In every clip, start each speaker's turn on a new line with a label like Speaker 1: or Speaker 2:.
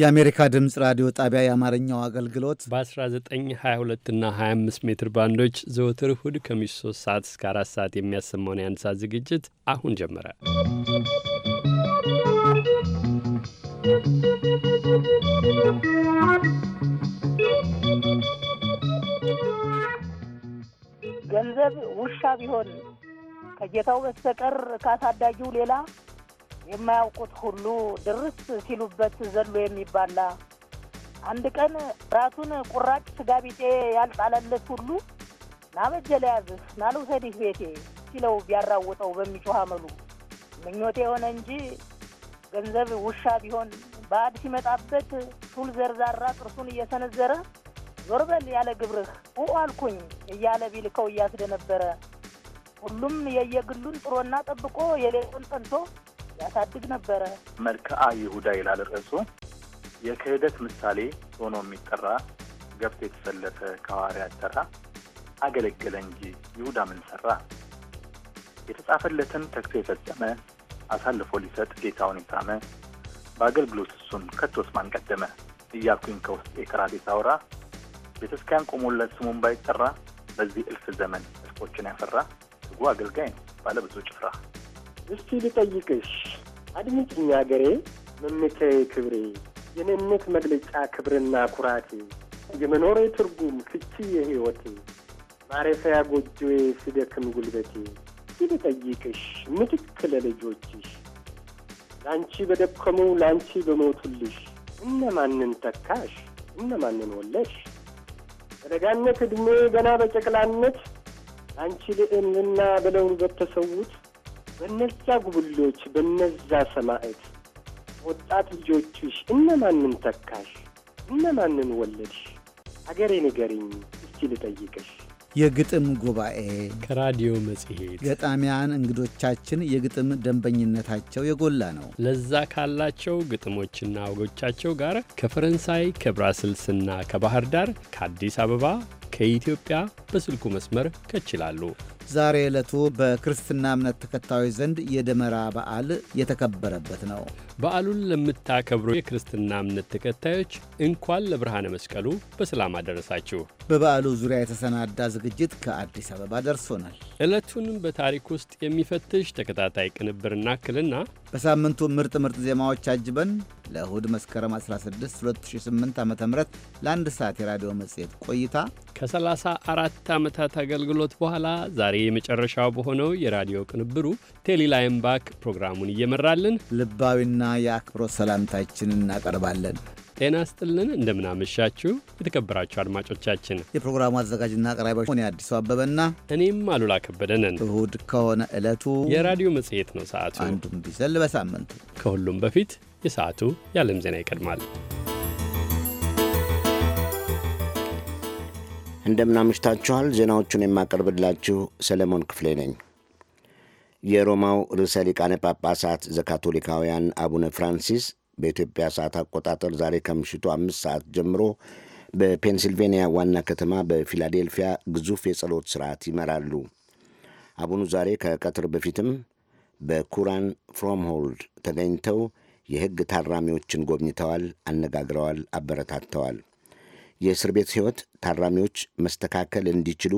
Speaker 1: የአሜሪካ ድምፅ ራዲዮ ጣቢያ የአማርኛው አገልግሎት በ1922 እና
Speaker 2: 25 ሜትር ባንዶች ዘወትር እሁድ ከምሽቱ 3 ሰዓት እስከ 4 ሰዓት የሚያሰማውን የአንድ ሰዓት ዝግጅት አሁን ጀመረ።
Speaker 3: ገንዘብ ውሻ ቢሆን ከጌታው በስተቀር ካሳዳጊው ሌላ የማያውቁት ሁሉ ድርስ ሲሉበት ዘሎ የሚባላ አንድ ቀን ራሱን ቁራጭ ስጋ ቢጤ ያልጣለለት ሁሉ ናበጀ ለያዝህ ናልውሰድህ ቤቴ ሲለው ቢያራውጠው በሚጮህ አመሉ ምኞቴ የሆነ እንጂ ገንዘብ ውሻ ቢሆን በአድ ሲመጣበት ሹል ዘርዛራ ጥርሱን እየሰነዘረ ዞርበል ያለ ግብርህ ኡ አልኩኝ እያለ ቢልከው እያስደነበረ ሁሉም የየግሉን ጥሮና ጠብቆ የሌሉን ጠንቶ ያሳድግ ነበረ።
Speaker 4: መልክዓ ይሁዳ ይላል ርዕሱ። የክህደት ምሳሌ ሆኖ የሚጠራ ገብቶ የተሰለፈ ከሐዋርያት ተራ አገለገለ እንጂ ይሁዳ ምን ሰራ? የተጻፈለትን ተክቶ የፈጸመ አሳልፎ ሊሰጥ ጌታውን የታመ በአገልግሎት እሱን ከቶስ ማን ቀደመ እያልኩኝ ከውስጥ የከራሴ ሳውራ ቤተክርስቲያን ቆሞለት ስሙን ባይጠራ በዚህ እልፍ ዘመን እልፎችን ያፈራ በጎ አገልጋይ ነው፣ ባለብዙ ጭፍራ።
Speaker 5: እስቲ ልጠይቅሽ አድምጭኝ አገሬ፣ መመኪያዬ፣ ክብሬ፣ የኔነት መግለጫ፣ ክብርና ኩራቴ፣ የመኖሬ ትርጉም፣ ፍቺ የህይወቴ፣ ማረፊያ ጎጆዬ፣ ስደክም ጉልበቴ፣ እስቲ ልጠይቅሽ ምትክ ለልጆችሽ፣ ለአንቺ በደከሙ ለአንቺ በሞቱልሽ፣ እነማንን ተካሽ እነማንን ወለሽ? በለጋነት ዕድሜ ገና በጨቅላነት አንቺ ልዕልና ብለውን በተሰዉት በነዛ ጉብሎች በነዛ ሰማዕት ወጣት ልጆችሽ እነማንን ተካሽ? እነማንን ወለድሽ? አገሬ ንገሪኝ እስቲ
Speaker 2: ልጠይቅሽ።
Speaker 1: የግጥም ጉባኤ ከራዲዮ መጽሔት ገጣሚያን እንግዶቻችን የግጥም ደንበኝነታቸው የጎላ ነው።
Speaker 2: ለዛ ካላቸው ግጥሞችና ወጎቻቸው ጋር ከፈረንሳይ ከብራስልስና ከባህር ዳር ከአዲስ አበባ ከኢትዮጵያ በስልኩ መስመር ከችላሉ።
Speaker 1: ዛሬ ዕለቱ በክርስትና እምነት ተከታዮች ዘንድ የደመራ በዓል የተከበረበት ነው።
Speaker 2: በዓሉን ለምታከብሩ የክርስትና እምነት ተከታዮች እንኳን ለብርሃነ መስቀሉ በሰላም አደረሳችሁ።
Speaker 1: በበዓሉ ዙሪያ የተሰናዳ ዝግጅት ከአዲስ አበባ ደርሶናል።
Speaker 2: ዕለቱን በታሪክ ውስጥ የሚፈትሽ ተከታታይ ቅንብር እናክልና
Speaker 1: በሳምንቱ ምርጥ ምርጥ ዜማዎች አጅበን ለእሁድ መስከረም 16 2008 ዓ ም ለአንድ ሰዓት የራዲዮ መጽሔት ቆይታ
Speaker 2: ከ34 ዓመታት አገልግሎት በኋላ ዛሬ የመጨረሻው በሆነው የራዲዮ ቅንብሩ ቴሊ ላይምባክ ፕሮግራሙን እየመራልን ልባዊና የአክብሮት ሰላምታችንን እናቀርባለን። ጤና ስጥልን እንደምናመሻችሁ የተከበራችሁ አድማጮቻችን።
Speaker 1: የፕሮግራሙ አዘጋጅና አቅራቢዎች ሆኔ አዲሱ አበበና እኔም አሉላ ከበደንን። እሁድ ከሆነ ዕለቱ
Speaker 2: የራዲዮ መጽሔት ነው። ሰዓቱ አንዱም ቢዘል በሳምንቱ ከሁሉም በፊት የሰዓቱ የዓለም ዜና ይቀድማል።
Speaker 6: እንደምናምሽታችኋል። ዜናዎቹን የማቀርብላችሁ ሰለሞን ክፍሌ ነኝ። የሮማው ርዕሰ ሊቃነ ጳጳሳት ዘካቶሊካውያን አቡነ ፍራንሲስ በኢትዮጵያ ሰዓት አቆጣጠር ዛሬ ከምሽቱ አምስት ሰዓት ጀምሮ በፔንሲልቬንያ ዋና ከተማ በፊላዴልፊያ ግዙፍ የጸሎት ስርዓት ይመራሉ። አቡኑ ዛሬ ከቀትር በፊትም በኩራን ፍሮምሆልድ ተገኝተው የሕግ ታራሚዎችን ጎብኝተዋል፣ አነጋግረዋል፣ አበረታተዋል። የእስር ቤት ሕይወት ታራሚዎች መስተካከል እንዲችሉ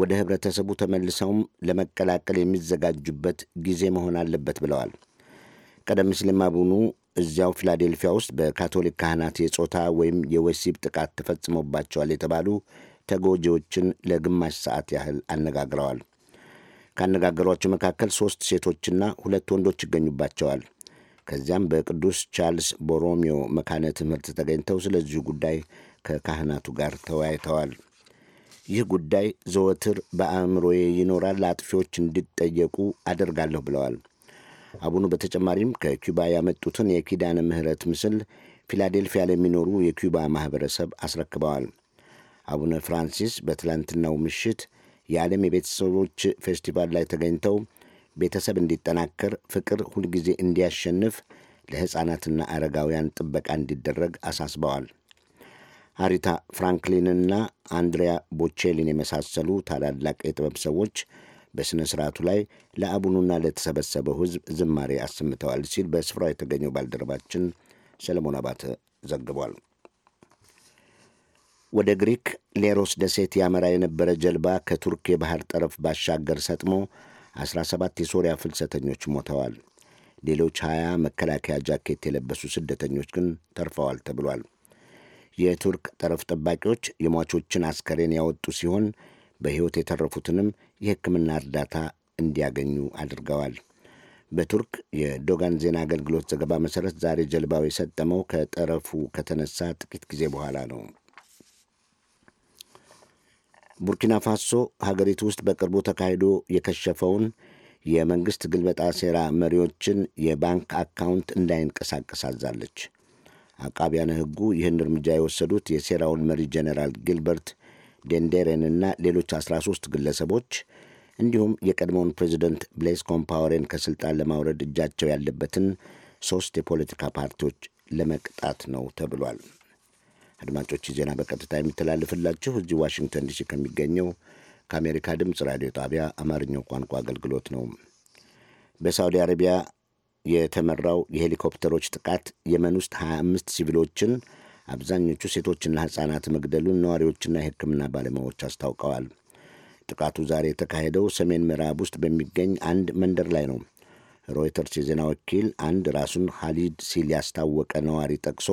Speaker 6: ወደ ኅብረተሰቡ ተመልሰውም ለመቀላቀል የሚዘጋጁበት ጊዜ መሆን አለበት ብለዋል። ቀደም ሲልም አቡኑ እዚያው ፊላዴልፊያ ውስጥ በካቶሊክ ካህናት የጾታ ወይም የወሲብ ጥቃት ተፈጽሞባቸዋል የተባሉ ተጎጂዎችን ለግማሽ ሰዓት ያህል አነጋግረዋል። ካነጋገሯቸው መካከል ሦስት ሴቶችና ሁለት ወንዶች ይገኙባቸዋል። ከዚያም በቅዱስ ቻርልስ ቦሮሚዮ መካነ ትምህርት ተገኝተው ስለዚሁ ጉዳይ ከካህናቱ ጋር ተወያይተዋል። ይህ ጉዳይ ዘወትር በአእምሮዬ ይኖራል፣ አጥፊዎች እንዲጠየቁ አደርጋለሁ ብለዋል። አቡኑ በተጨማሪም ከኪዩባ ያመጡትን የኪዳነ ምሕረት ምስል ፊላዴልፊያ ለሚኖሩ የኪዩባ ማኅበረሰብ አስረክበዋል። አቡነ ፍራንሲስ በትላንትናው ምሽት የዓለም የቤተሰቦች ፌስቲቫል ላይ ተገኝተው ቤተሰብ እንዲጠናከር፣ ፍቅር ሁልጊዜ እንዲያሸንፍ፣ ለሕፃናትና አረጋውያን ጥበቃ እንዲደረግ አሳስበዋል። አሪታ ፍራንክሊንና አንድሪያ ቦቼሊን የመሳሰሉ ታላላቅ የጥበብ ሰዎች በሥነ ሥርዓቱ ላይ ለአቡኑና ለተሰበሰበው ሕዝብ ዝማሬ አሰምተዋል ሲል በስፍራው የተገኘው ባልደረባችን ሰለሞን አባተ ዘግቧል። ወደ ግሪክ ሌሮስ ደሴት ያመራ የነበረ ጀልባ ከቱርክ የባህር ጠረፍ ባሻገር ሰጥሞ 17 የሶሪያ ፍልሰተኞች ሞተዋል። ሌሎች 20 መከላከያ ጃኬት የለበሱ ስደተኞች ግን ተርፈዋል ተብሏል። የቱርክ ጠረፍ ጠባቂዎች የሟቾችን አስከሬን ያወጡ ሲሆን በሕይወት የተረፉትንም የሕክምና እርዳታ እንዲያገኙ አድርገዋል። በቱርክ የዶጋን ዜና አገልግሎት ዘገባ መሠረት ዛሬ ጀልባው የሰጠመው ከጠረፉ ከተነሳ ጥቂት ጊዜ በኋላ ነው። ቡርኪና ፋሶ ሀገሪቱ ውስጥ በቅርቡ ተካሂዶ የከሸፈውን የመንግሥት ግልበጣ ሴራ መሪዎችን የባንክ አካውንት እንዳይንቀሳቀስ አዛለች። አቃቢያነ ሕጉ ይህን እርምጃ የወሰዱት የሴራውን መሪ ጀኔራል ጊልበርት ዴንዴሬንና ሌሎች 13 ግለሰቦች እንዲሁም የቀድሞውን ፕሬዚደንት ብሌስ ኮምፓወሬን ከስልጣን ለማውረድ እጃቸው ያለበትን ሶስት የፖለቲካ ፓርቲዎች ለመቅጣት ነው ተብሏል። አድማጮች ዜና በቀጥታ የሚተላለፍላችሁ እዚህ ዋሽንግተን ዲሲ ከሚገኘው ከአሜሪካ ድምፅ ራዲዮ ጣቢያ አማርኛው ቋንቋ አገልግሎት ነው። በሳውዲ አረቢያ የተመራው የሄሊኮፕተሮች ጥቃት የመን ውስጥ 25 ሲቪሎችን አብዛኞቹ ሴቶችና ሕፃናት መግደሉን ነዋሪዎችና የሕክምና ባለሙያዎች አስታውቀዋል። ጥቃቱ ዛሬ የተካሄደው ሰሜን ምዕራብ ውስጥ በሚገኝ አንድ መንደር ላይ ነው። ሮይተርስ የዜና ወኪል አንድ ራሱን ሀሊድ ሲል ያስታወቀ ነዋሪ ጠቅሶ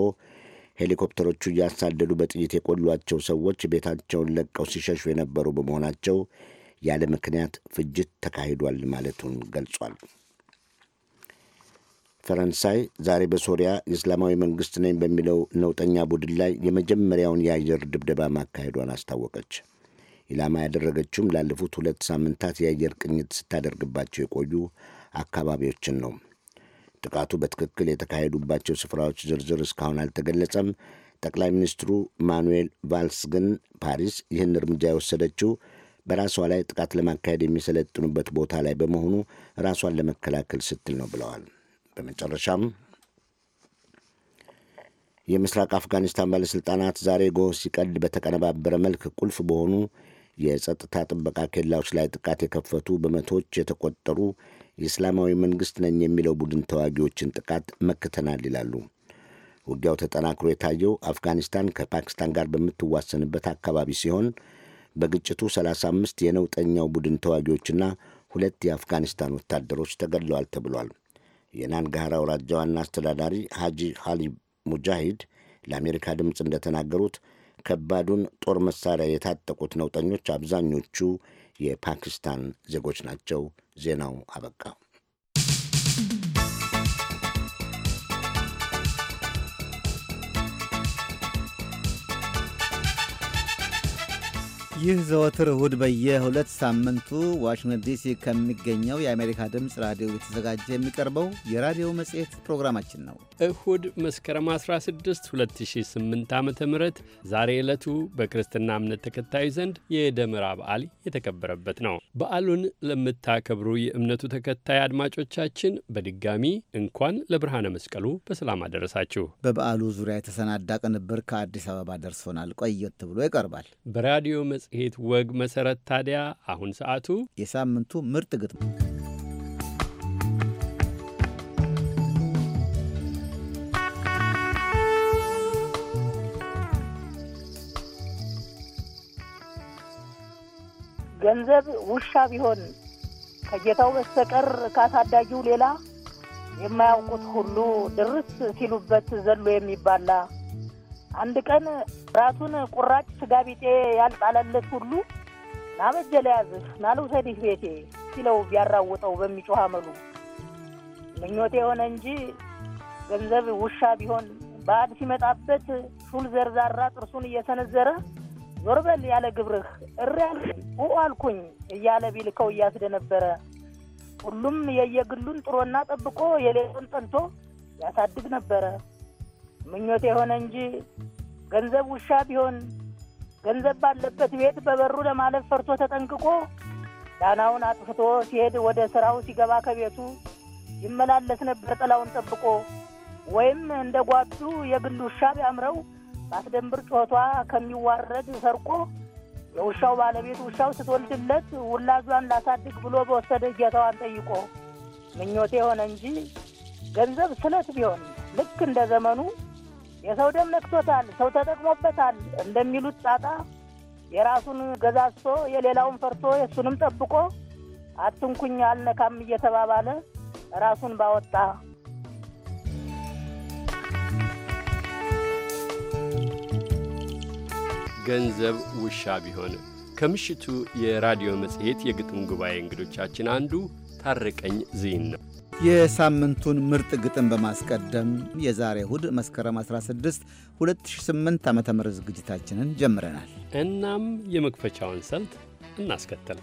Speaker 6: ሄሊኮፕተሮቹ እያሳደዱ በጥይት የቆሏቸው ሰዎች ቤታቸውን ለቀው ሲሸሹ የነበሩ በመሆናቸው ያለ ምክንያት ፍጅት ተካሂዷል ማለቱን ገልጿል። ፈረንሳይ ዛሬ በሶሪያ የእስላማዊ መንግሥት ነኝ በሚለው ነውጠኛ ቡድን ላይ የመጀመሪያውን የአየር ድብደባ ማካሄዷን አስታወቀች። ኢላማ ያደረገችውም ላለፉት ሁለት ሳምንታት የአየር ቅኝት ስታደርግባቸው የቆዩ አካባቢዎችን ነው። ጥቃቱ በትክክል የተካሄዱባቸው ስፍራዎች ዝርዝር እስካሁን አልተገለጸም። ጠቅላይ ሚኒስትሩ ማኑኤል ቫልስ ግን ፓሪስ ይህን እርምጃ የወሰደችው በራሷ ላይ ጥቃት ለማካሄድ የሚሰለጥኑበት ቦታ ላይ በመሆኑ ራሷን ለመከላከል ስትል ነው ብለዋል። በመጨረሻም የምስራቅ አፍጋኒስታን ባለሥልጣናት ዛሬ ጎህ ሲቀድ በተቀነባበረ መልክ ቁልፍ በሆኑ የጸጥታ ጥበቃ ኬላዎች ላይ ጥቃት የከፈቱ በመቶዎች የተቆጠሩ የእስላማዊ መንግሥት ነኝ የሚለው ቡድን ተዋጊዎችን ጥቃት መክተናል ይላሉ። ውጊያው ተጠናክሮ የታየው አፍጋኒስታን ከፓኪስታን ጋር በምትዋሰንበት አካባቢ ሲሆን በግጭቱ 35 የነውጠኛው ቡድን ተዋጊዎችና ሁለት የአፍጋኒስታን ወታደሮች ተገድለዋል ተብሏል። የናንጋራ አውራጃ ዋና አስተዳዳሪ ሐጂ ሀሊብ ሙጃሂድ ለአሜሪካ ድምፅ እንደተናገሩት ከባዱን ጦር መሳሪያ የታጠቁት ነውጠኞች አብዛኞቹ የፓኪስታን ዜጎች ናቸው። ዜናው አበቃ።
Speaker 1: ይህ ዘወትር እሁድ በየሁለት ሳምንቱ ዋሽንግተን ዲሲ ከሚገኘው የአሜሪካ ድምፅ ራዲዮ የተዘጋጀ የሚቀርበው የራዲዮ መጽሔት ፕሮግራማችን ነው።
Speaker 2: እሁድ መስከረም 16 2008 ዓ ም ዛሬ ዕለቱ በክርስትና እምነት ተከታዩ ዘንድ የደመራ በዓል የተከበረበት ነው። በዓሉን ለምታከብሩ የእምነቱ ተከታይ አድማጮቻችን በድጋሚ እንኳን ለብርሃነ መስቀሉ በሰላም አደረሳችሁ።
Speaker 1: በበዓሉ ዙሪያ የተሰናዳ ቅንብር ከአዲስ አበባ ደርሶናል። ቆየት ብሎ ይቀርባል
Speaker 2: በራዲዮ መጽሔት ወግ መሠረት ታዲያ አሁን ሰዓቱ የሳምንቱ ምርጥ ግጥም
Speaker 3: ገንዘብ ውሻ ቢሆን ከጌታው በስተቀር ካሳዳጊው ሌላ የማያውቁት ሁሉ ድርስ ሲሉበት ዘሎ የሚባላ አንድ ቀን ራቱን ቁራጭ ስጋ ቢጤ ያልጣለለት ሁሉ ናበጀ ለያዝህ ናልውሰድህ ቤቴ ሲለው ቢያራውጠው በሚጮህ አመሉ ምኞቴ የሆነ እንጂ ገንዘብ ውሻ ቢሆን ባዕድ ሲመጣበት ሹል ዘርዛራ ጥርሱን እየሰነዘረ ዞርበል ያለ ግብርህ እሪ ያልኩኝ አልኩኝ እያለ ቢልከው እያስደነበረ ሁሉም የየግሉን ጥሮና ጠብቆ የሌሎን ጠልቶ ያሳድግ ነበረ። ምኞት የሆነ እንጂ ገንዘብ ውሻ ቢሆን ገንዘብ ባለበት ቤት በበሩ ለማለፍ ፈርቶ ተጠንቅቆ ዳናውን አጥፍቶ ሲሄድ ወደ ስራው ሲገባ ከቤቱ ይመላለስ ነበር ጥላውን ጠብቆ። ወይም እንደ ጓዱ የግል ውሻ ቢያምረው በአስደንብር ጮቷ ከሚዋረድ ሰርቆ የውሻው ባለቤት ውሻው ስትወልድለት ውላጇን ላሳድግ ብሎ በወሰደ እጀታዋን ጠይቆ ምኞቴ የሆነ እንጂ ገንዘብ ስለት ቢሆን ልክ እንደ ዘመኑ የሰው ደም ነክቶታል፣ ሰው ተጠቅሞበታል እንደሚሉት ጣጣ የራሱን ገዛዝቶ የሌላውን ፈርቶ የእሱንም ጠብቆ አትንኩኝ አልነካም እየተባባለ ራሱን ባወጣ
Speaker 2: ገንዘብ ውሻ ቢሆን ከምሽቱ የራዲዮ መጽሔት የግጥም ጉባኤ እንግዶቻችን አንዱ ታረቀኝ ዝይን
Speaker 1: ነው። የሳምንቱን ምርጥ ግጥም በማስቀደም የዛሬ እሁድ መስከረም 16 2008 ዓ ም ዝግጅታችንን ጀምረናል።
Speaker 2: እናም የመክፈቻውን ሰልት እናስከተል።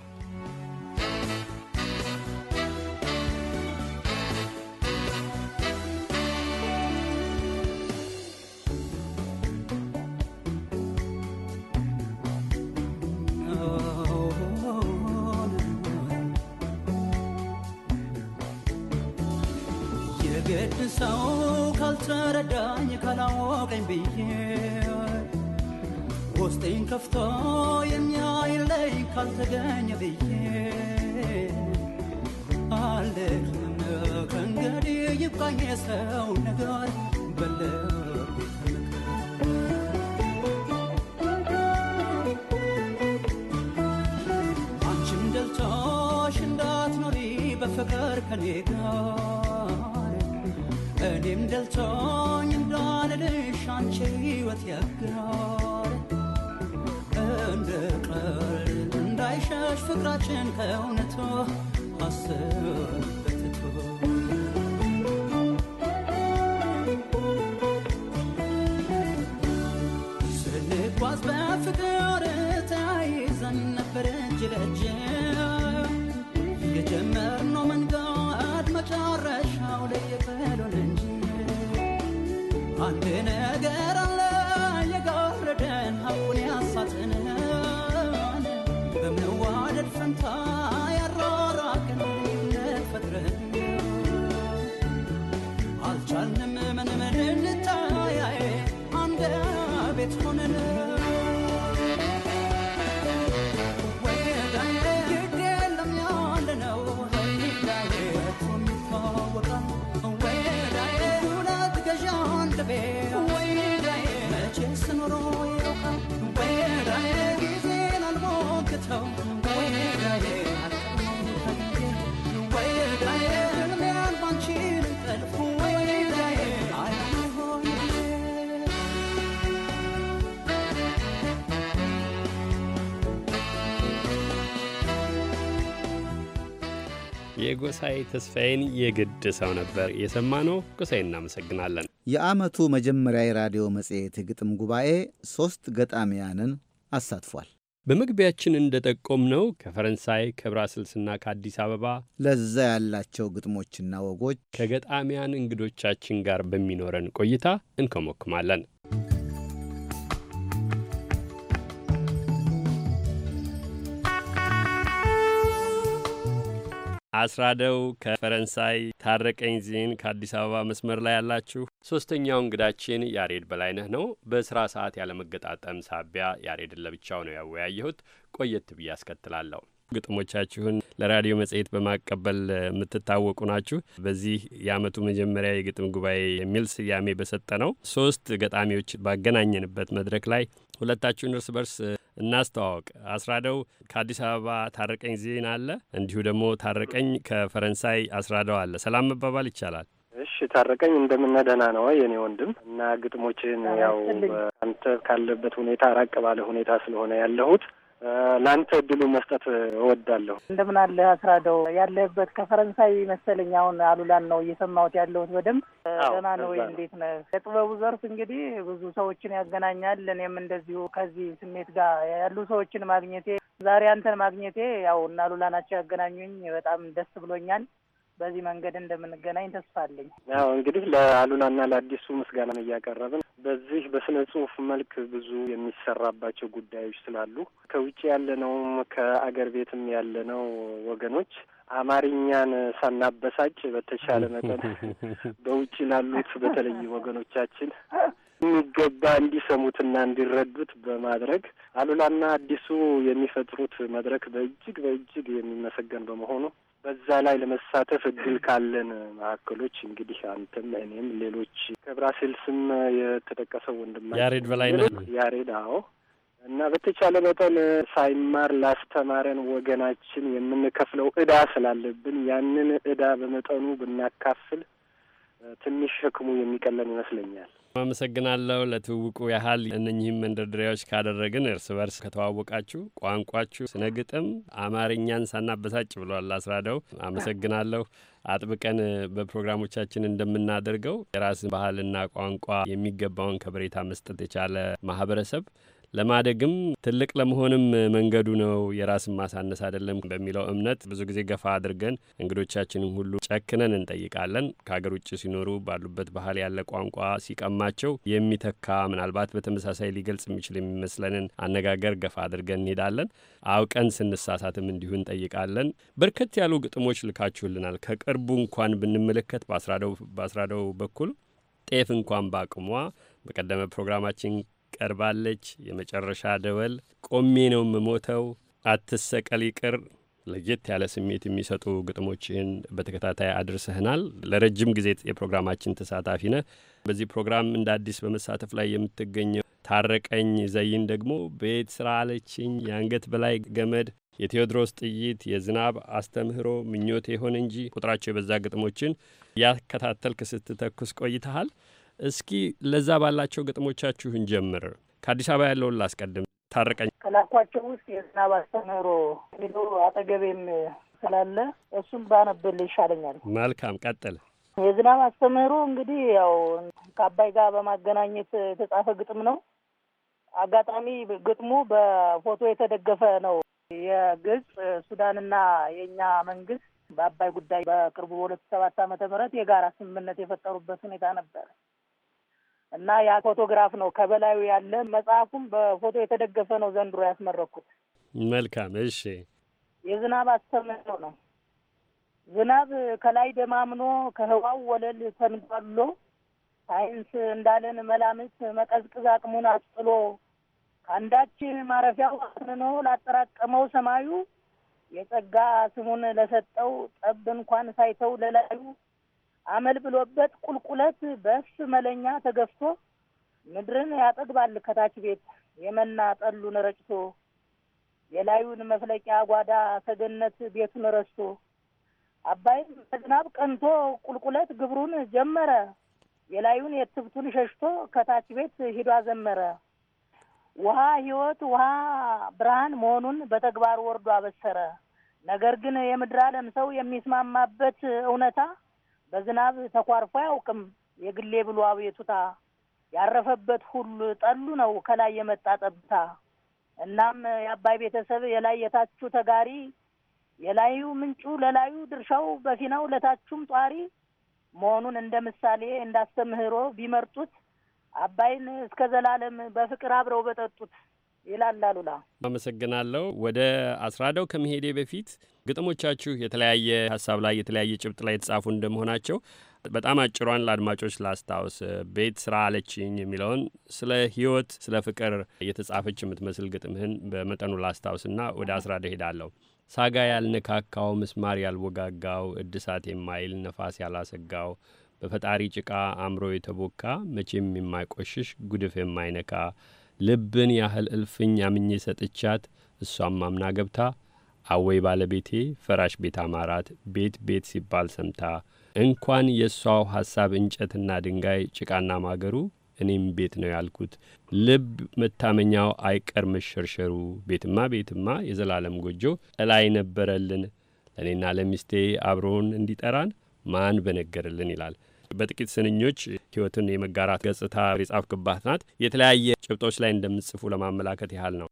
Speaker 7: conheçam
Speaker 2: ጎሳዬ ተስፋዬን የግድ ሰው ነበር የሰማ ነው። ጎሳዬ እናመሰግናለን።
Speaker 1: የዓመቱ መጀመሪያ የራዲዮ መጽሔት የግጥም ጉባኤ ሦስት ገጣሚያንን አሳትፏል። በመግቢያችን
Speaker 2: እንደጠቆም ነው ከፈረንሳይ ከብራስልስና ከአዲስ አበባ
Speaker 1: ለዛ ያላቸው
Speaker 2: ግጥሞችና ወጎች ከገጣሚያን እንግዶቻችን ጋር በሚኖረን ቆይታ እንከሞክማለን። አስራደው ከፈረንሳይ፣ ታረቀኝ ዜን ከአዲስ አበባ መስመር ላይ ያላችሁ። ሶስተኛው እንግዳችን ያሬድ በላይነህ ነው። በስራ ሰዓት ያለመገጣጠም ሳቢያ ያሬድን ለብቻው ነው ያወያየሁት። ቆየት ብዬ አስከትላለሁ። ግጥሞቻችሁን ለራዲዮ መጽሔት በማቀበል የምትታወቁ ናችሁ። በዚህ የአመቱ መጀመሪያ የግጥም ጉባኤ የሚል ስያሜ በሰጠ ነው ሶስት ገጣሚዎች ባገናኘንበት መድረክ ላይ ሁለታችሁን እርስ በርስ እናስተዋወቅ። አስራደው ከአዲስ አበባ ታረቀኝ ዜና አለ፣ እንዲሁ ደግሞ ታረቀኝ ከፈረንሳይ አስራደው አለ። ሰላም መባባል ይቻላል? እሺ ታረቀኝ፣ እንደምናደህና ነው
Speaker 5: የኔ ወንድም እና ግጥሞችን ያው አንተ ካለበት ሁኔታ ራቅ ባለ ሁኔታ ስለሆነ ያለሁት ለአንተ እድሉ መስጠት እወዳለሁ።
Speaker 3: እንደምን አለ አስራደው፣ ያለህበት ከፈረንሳይ መሰለኝ። አሁን አሉላን ነው እየሰማሁት ያለሁት በደንብ ደህና ነው ወይ? እንዴት ነህ? የጥበቡ ዘርፍ እንግዲህ ብዙ ሰዎችን ያገናኛል። እኔም እንደዚሁ ከዚህ ስሜት ጋር ያሉ ሰዎችን ማግኘቴ ዛሬ አንተን ማግኘቴ ያው እና አሉላ ናቸው ያገናኙኝ። በጣም ደስ ብሎኛል። በዚህ መንገድ እንደምንገናኝ ተስፋ አለኝ።
Speaker 5: አዎ እንግዲህ ለአሉላና ለአዲሱ ምስጋና እያቀረብን በዚህ በስነ ጽሁፍ መልክ ብዙ የሚሰራባቸው ጉዳዮች ስላሉ ከውጭ ያለነውም ከአገር ቤትም ያለነው ወገኖች አማርኛን ሳናበሳጭ በተሻለ መጠን በውጭ ላሉት በተለይ ወገኖቻችን የሚገባ እንዲሰሙትና እንዲረዱት በማድረግ አሉላና አዲሱ የሚፈጥሩት መድረክ በእጅግ በእጅግ የሚመሰገን በመሆኑ በዛ ላይ ለመሳተፍ እድል ካለን መካከሎች እንግዲህ አንተም እኔም ሌሎች ከብራሴልስም የተጠቀሰው ወንድማ ያሬድ በላይ ያሬድ አዎ እና በተቻለ መጠን ሳይማር ላስተማረን ወገናችን የምንከፍለው እዳ ስላለብን ያንን እዳ በመጠኑ ብናካፍል ትንሽ ህክሙ የሚቀለን ይመስለኛል።
Speaker 2: አመሰግናለሁ። ለትውውቁ ያህል እነኚህም መንደርደሪያዎች ካደረግን እርስ በርስ ከተዋወቃችሁ ቋንቋችሁ ስነ ግጥም አማርኛን ሳናበሳጭ ብሏል አስራደው። አመሰግናለሁ። አጥብቀን በፕሮግራሞቻችን እንደምናደርገው የራስን ባህልና ቋንቋ የሚገባውን ከበሬታ መስጠት የቻለ ማህበረሰብ ለማደግም ትልቅ ለመሆንም መንገዱ ነው፣ የራስን ማሳነስ አይደለም በሚለው እምነት ብዙ ጊዜ ገፋ አድርገን እንግዶቻችንም ሁሉ ጨክነን እንጠይቃለን። ከሀገር ውጭ ሲኖሩ ባሉበት ባህል ያለ ቋንቋ ሲቀማቸው የሚተካ ምናልባት በተመሳሳይ ሊገልጽ የሚችል የሚመስለንን አነጋገር ገፋ አድርገን እንሄዳለን። አውቀን ስንሳሳትም እንዲሁ እንጠይቃለን። በርከት ያሉ ግጥሞች ልካችሁልናል። ከቅርቡ እንኳን ብንመለከት በአስራደው በኩል ጤፍ እንኳን በአቅሟ በቀደመ ፕሮግራማችን ቀርባለች። የመጨረሻ ደወል ቆሜ ነው የምሞተው፣ አትሰቀል ይቅር ለየት ያለ ስሜት የሚሰጡ ግጥሞችህን በተከታታይ አድርሰህናል። ለረጅም ጊዜ የፕሮግራማችን ተሳታፊ ነህ። በዚህ ፕሮግራም እንደ አዲስ በመሳተፍ ላይ የምትገኘው ታረቀኝ ዘይን ደግሞ ቤት ስራ አለችኝ፣ የአንገት በላይ ገመድ፣ የቴዎድሮስ ጥይት፣ የዝናብ አስተምህሮ፣ ምኞቴ ሆን እንጂ ቁጥራቸው የበዛ ግጥሞችን ያከታተልክ ስትተኩስ ቆይተሃል። እስኪ ለዛ ባላቸው ግጥሞቻችሁን ጀምር። ከአዲስ አበባ ያለውን ላስቀድም። ታርቀኝ
Speaker 3: ከላኳቸው ውስጥ የዝናብ አስተምህሮ የሚለው አጠገቤም ስላለ እሱም ባነብል ይሻለኛል።
Speaker 2: መልካም ቀጥል።
Speaker 3: የዝናብ አስተምህሮ እንግዲህ ያው ከአባይ ጋር በማገናኘት የተጻፈ ግጥም ነው። አጋጣሚ ግጥሙ በፎቶ የተደገፈ ነው። የግብጽ ሱዳንና የእኛ መንግስት በአባይ ጉዳይ በቅርቡ በሁለት ሰባት ዓመተ ምህረት የጋራ ስምምነት የፈጠሩበት ሁኔታ ነበር። እና ያ ፎቶግራፍ ነው ከበላዩ ያለ። መጽሐፉም በፎቶ የተደገፈ ነው ዘንድሮ ያስመረኩት።
Speaker 2: መልካም እሺ።
Speaker 3: የዝናብ አስተምህሮ ነው። ዝናብ ከላይ ደማምኖ ከህዋው ወለል ተንጓሎ ሳይንስ እንዳለን መላምት መቀዝቅዝ አቅሙን አስጥሎ ከአንዳች ማረፊያው አስንኖ ላጠራቀመው ሰማዩ የጸጋ ስሙን ለሰጠው ጠብ እንኳን ሳይተው ለላዩ አመል ብሎበት ቁልቁለት በስ መለኛ ተገፍቶ ምድርን ያጠግባል ከታች ቤት የመና ጠሉን ረጭቶ የላዩን መፍለቂያ ጓዳ ሰገነት ቤቱን ረስቶ አባይም በዝናብ ቀንቶ ቁልቁለት ግብሩን ጀመረ የላዩን የትብቱን ሸሽቶ ከታች ቤት ሂዶ አዘመረ። ውሃ ህይወት ውሃ ብርሃን መሆኑን በተግባር ወርዶ አበሰረ። ነገር ግን የምድር አለም ሰው የሚስማማበት እውነታ በዝናብ ተኳርፎ አያውቅም። የግሌ ብሎ አቤቱታ ያረፈበት ሁሉ ጠሉ ነው ከላይ የመጣ ጠብታ። እናም የአባይ ቤተሰብ የላይ የታቹ ተጋሪ የላዩ ምንጩ ለላዩ ድርሻው በፊናው ለታቹም ጧሪ መሆኑን እንደ ምሳሌ እንዳስተምህሮ ቢመርጡት አባይን እስከ ዘላለም በፍቅር አብረው በጠጡት ይላል አሉላ።
Speaker 2: አመሰግናለሁ። ወደ አስራዳው ከመሄዴ በፊት ግጥሞቻችሁ የተለያየ ሀሳብ ላይ የተለያየ ጭብጥ ላይ የተጻፉ እንደመሆናቸው በጣም አጭሯን ለአድማጮች ላስታውስ። ቤት ስራ አለችኝ የሚለውን ስለ ህይወት፣ ስለ ፍቅር የተጻፈች የምትመስል ግጥምህን በመጠኑ ላስታውስና ወደ አስራዳ ሄዳለሁ። ሳጋ ያልነካካው ምስማር ያልወጋጋው እድሳት የማይል ነፋስ ያላሰጋው በፈጣሪ ጭቃ አእምሮ የተቦካ መቼም የማይቆሽሽ ጉድፍ የማይነካ ልብን ያህል እልፍኝ አምኜ ሰጥቻት፣ እሷም አምና ገብታ አወይ ባለቤቴ ፈራሽ ቤት አማራት ቤት ቤት ሲባል ሰምታ እንኳን የእሷው ሐሳብ እንጨትና ድንጋይ ጭቃና ማገሩ እኔም ቤት ነው ያልኩት። ልብ መታመኛው አይቀር መሸርሸሩ ቤትማ ቤትማ የዘላለም ጎጆ እላይ ነበረልን ለእኔና ለሚስቴ አብሮን እንዲጠራን ማን በነገርልን ይላል። በጥቂት ስንኞች ህይወትን የመጋራት ገጽታ የጻፍክባት ናት። የተለያየ ጭብጦች ላይ እንደምትጽፉ ለማመላከት ያህል ነው።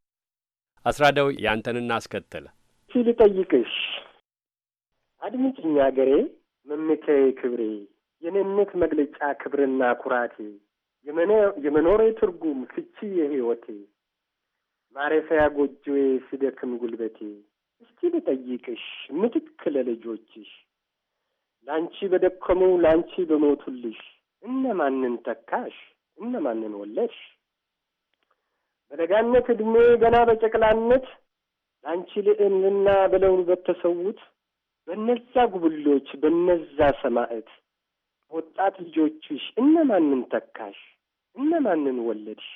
Speaker 2: አስራደው ያንተንና አስከትል
Speaker 5: ሲል ጠይቅሽ አድምጭኝ አገሬ መምቴ ክብሬ የኔነት መግለጫ ክብርና ኩራቴ የመኖሬ ትርጉም ፍቺ የህይወቴ ማረፊያ ጎጆዬ ስደክም ጉልበቴ እስቲ ልጠይቅሽ ምትክ ለልጆችሽ ላንቺ በደከመው ላንቺ በሞቱልሽ እነ ማንን ተካሽ እነ ማንን ወለድሽ? በለጋነት እድሜ ገና በጨቅላነት ላንቺ ልዕልና ብለው በተሰዉት በነዛ ጉብሎች በነዛ ሰማዕት ወጣት ልጆችሽ እነ ማንን ተካሽ እነ ማንን ወለድሽ?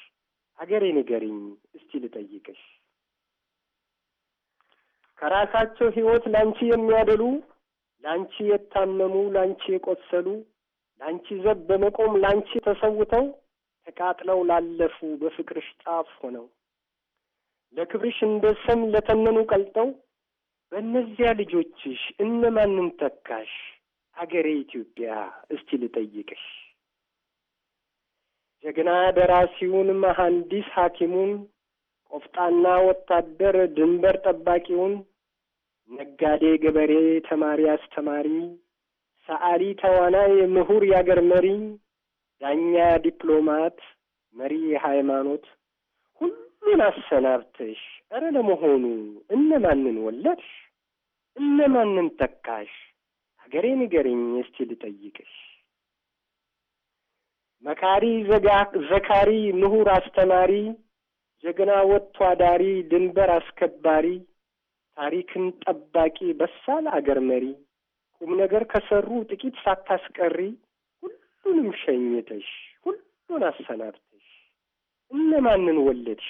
Speaker 5: አገሬ ንገሪኝ እስቲ ልጠይቅሽ። ከራሳቸው ሕይወት ላንቺ የሚያደሉ ላንቺ የታመሙ፣ ላንቺ የቆሰሉ፣ ላንቺ ዘብ በመቆም ላንቺ ተሰውተው ተቃጥለው ላለፉ በፍቅርሽ ጣፍ ሆነው ለክብርሽ እንደ ሰም ለተነኑ ቀልጠው በእነዚያ ልጆችሽ እነማንን ተካሽ? አገሬ ኢትዮጵያ እስቲ ልጠይቅሽ። ጀግና ደራሲውን፣ መሐንዲስ ሐኪሙን፣ ቆፍጣና ወታደር፣ ድንበር ጠባቂውን ነጋዴ፣ ገበሬ፣ ተማሪ፣ አስተማሪ፣ ሰዓሊ፣ ተዋናይ፣ ምሁር፣ የአገር መሪ፣ ዳኛ፣ ዲፕሎማት፣ መሪ ሃይማኖት ሁሉን አሰናብተሽ እረ ለመሆኑ እነማንን ወለድሽ? እነማንን ተካሽ? ሀገሬ ንገሪኝ እስቲ ልጠይቅሽ። መካሪ፣ ዘካሪ፣ ምሁር፣ አስተማሪ፣ ጀግና፣ ወጥቶ አዳሪ፣ ድንበር አስከባሪ ታሪክን ጠባቂ በሳል አገር መሪ ቁም ነገር ከሰሩ ጥቂት ሳታስቀሪ ሁሉንም ሸኝተሽ ሁሉን አሰናብተሽ እነማንን ወለድሽ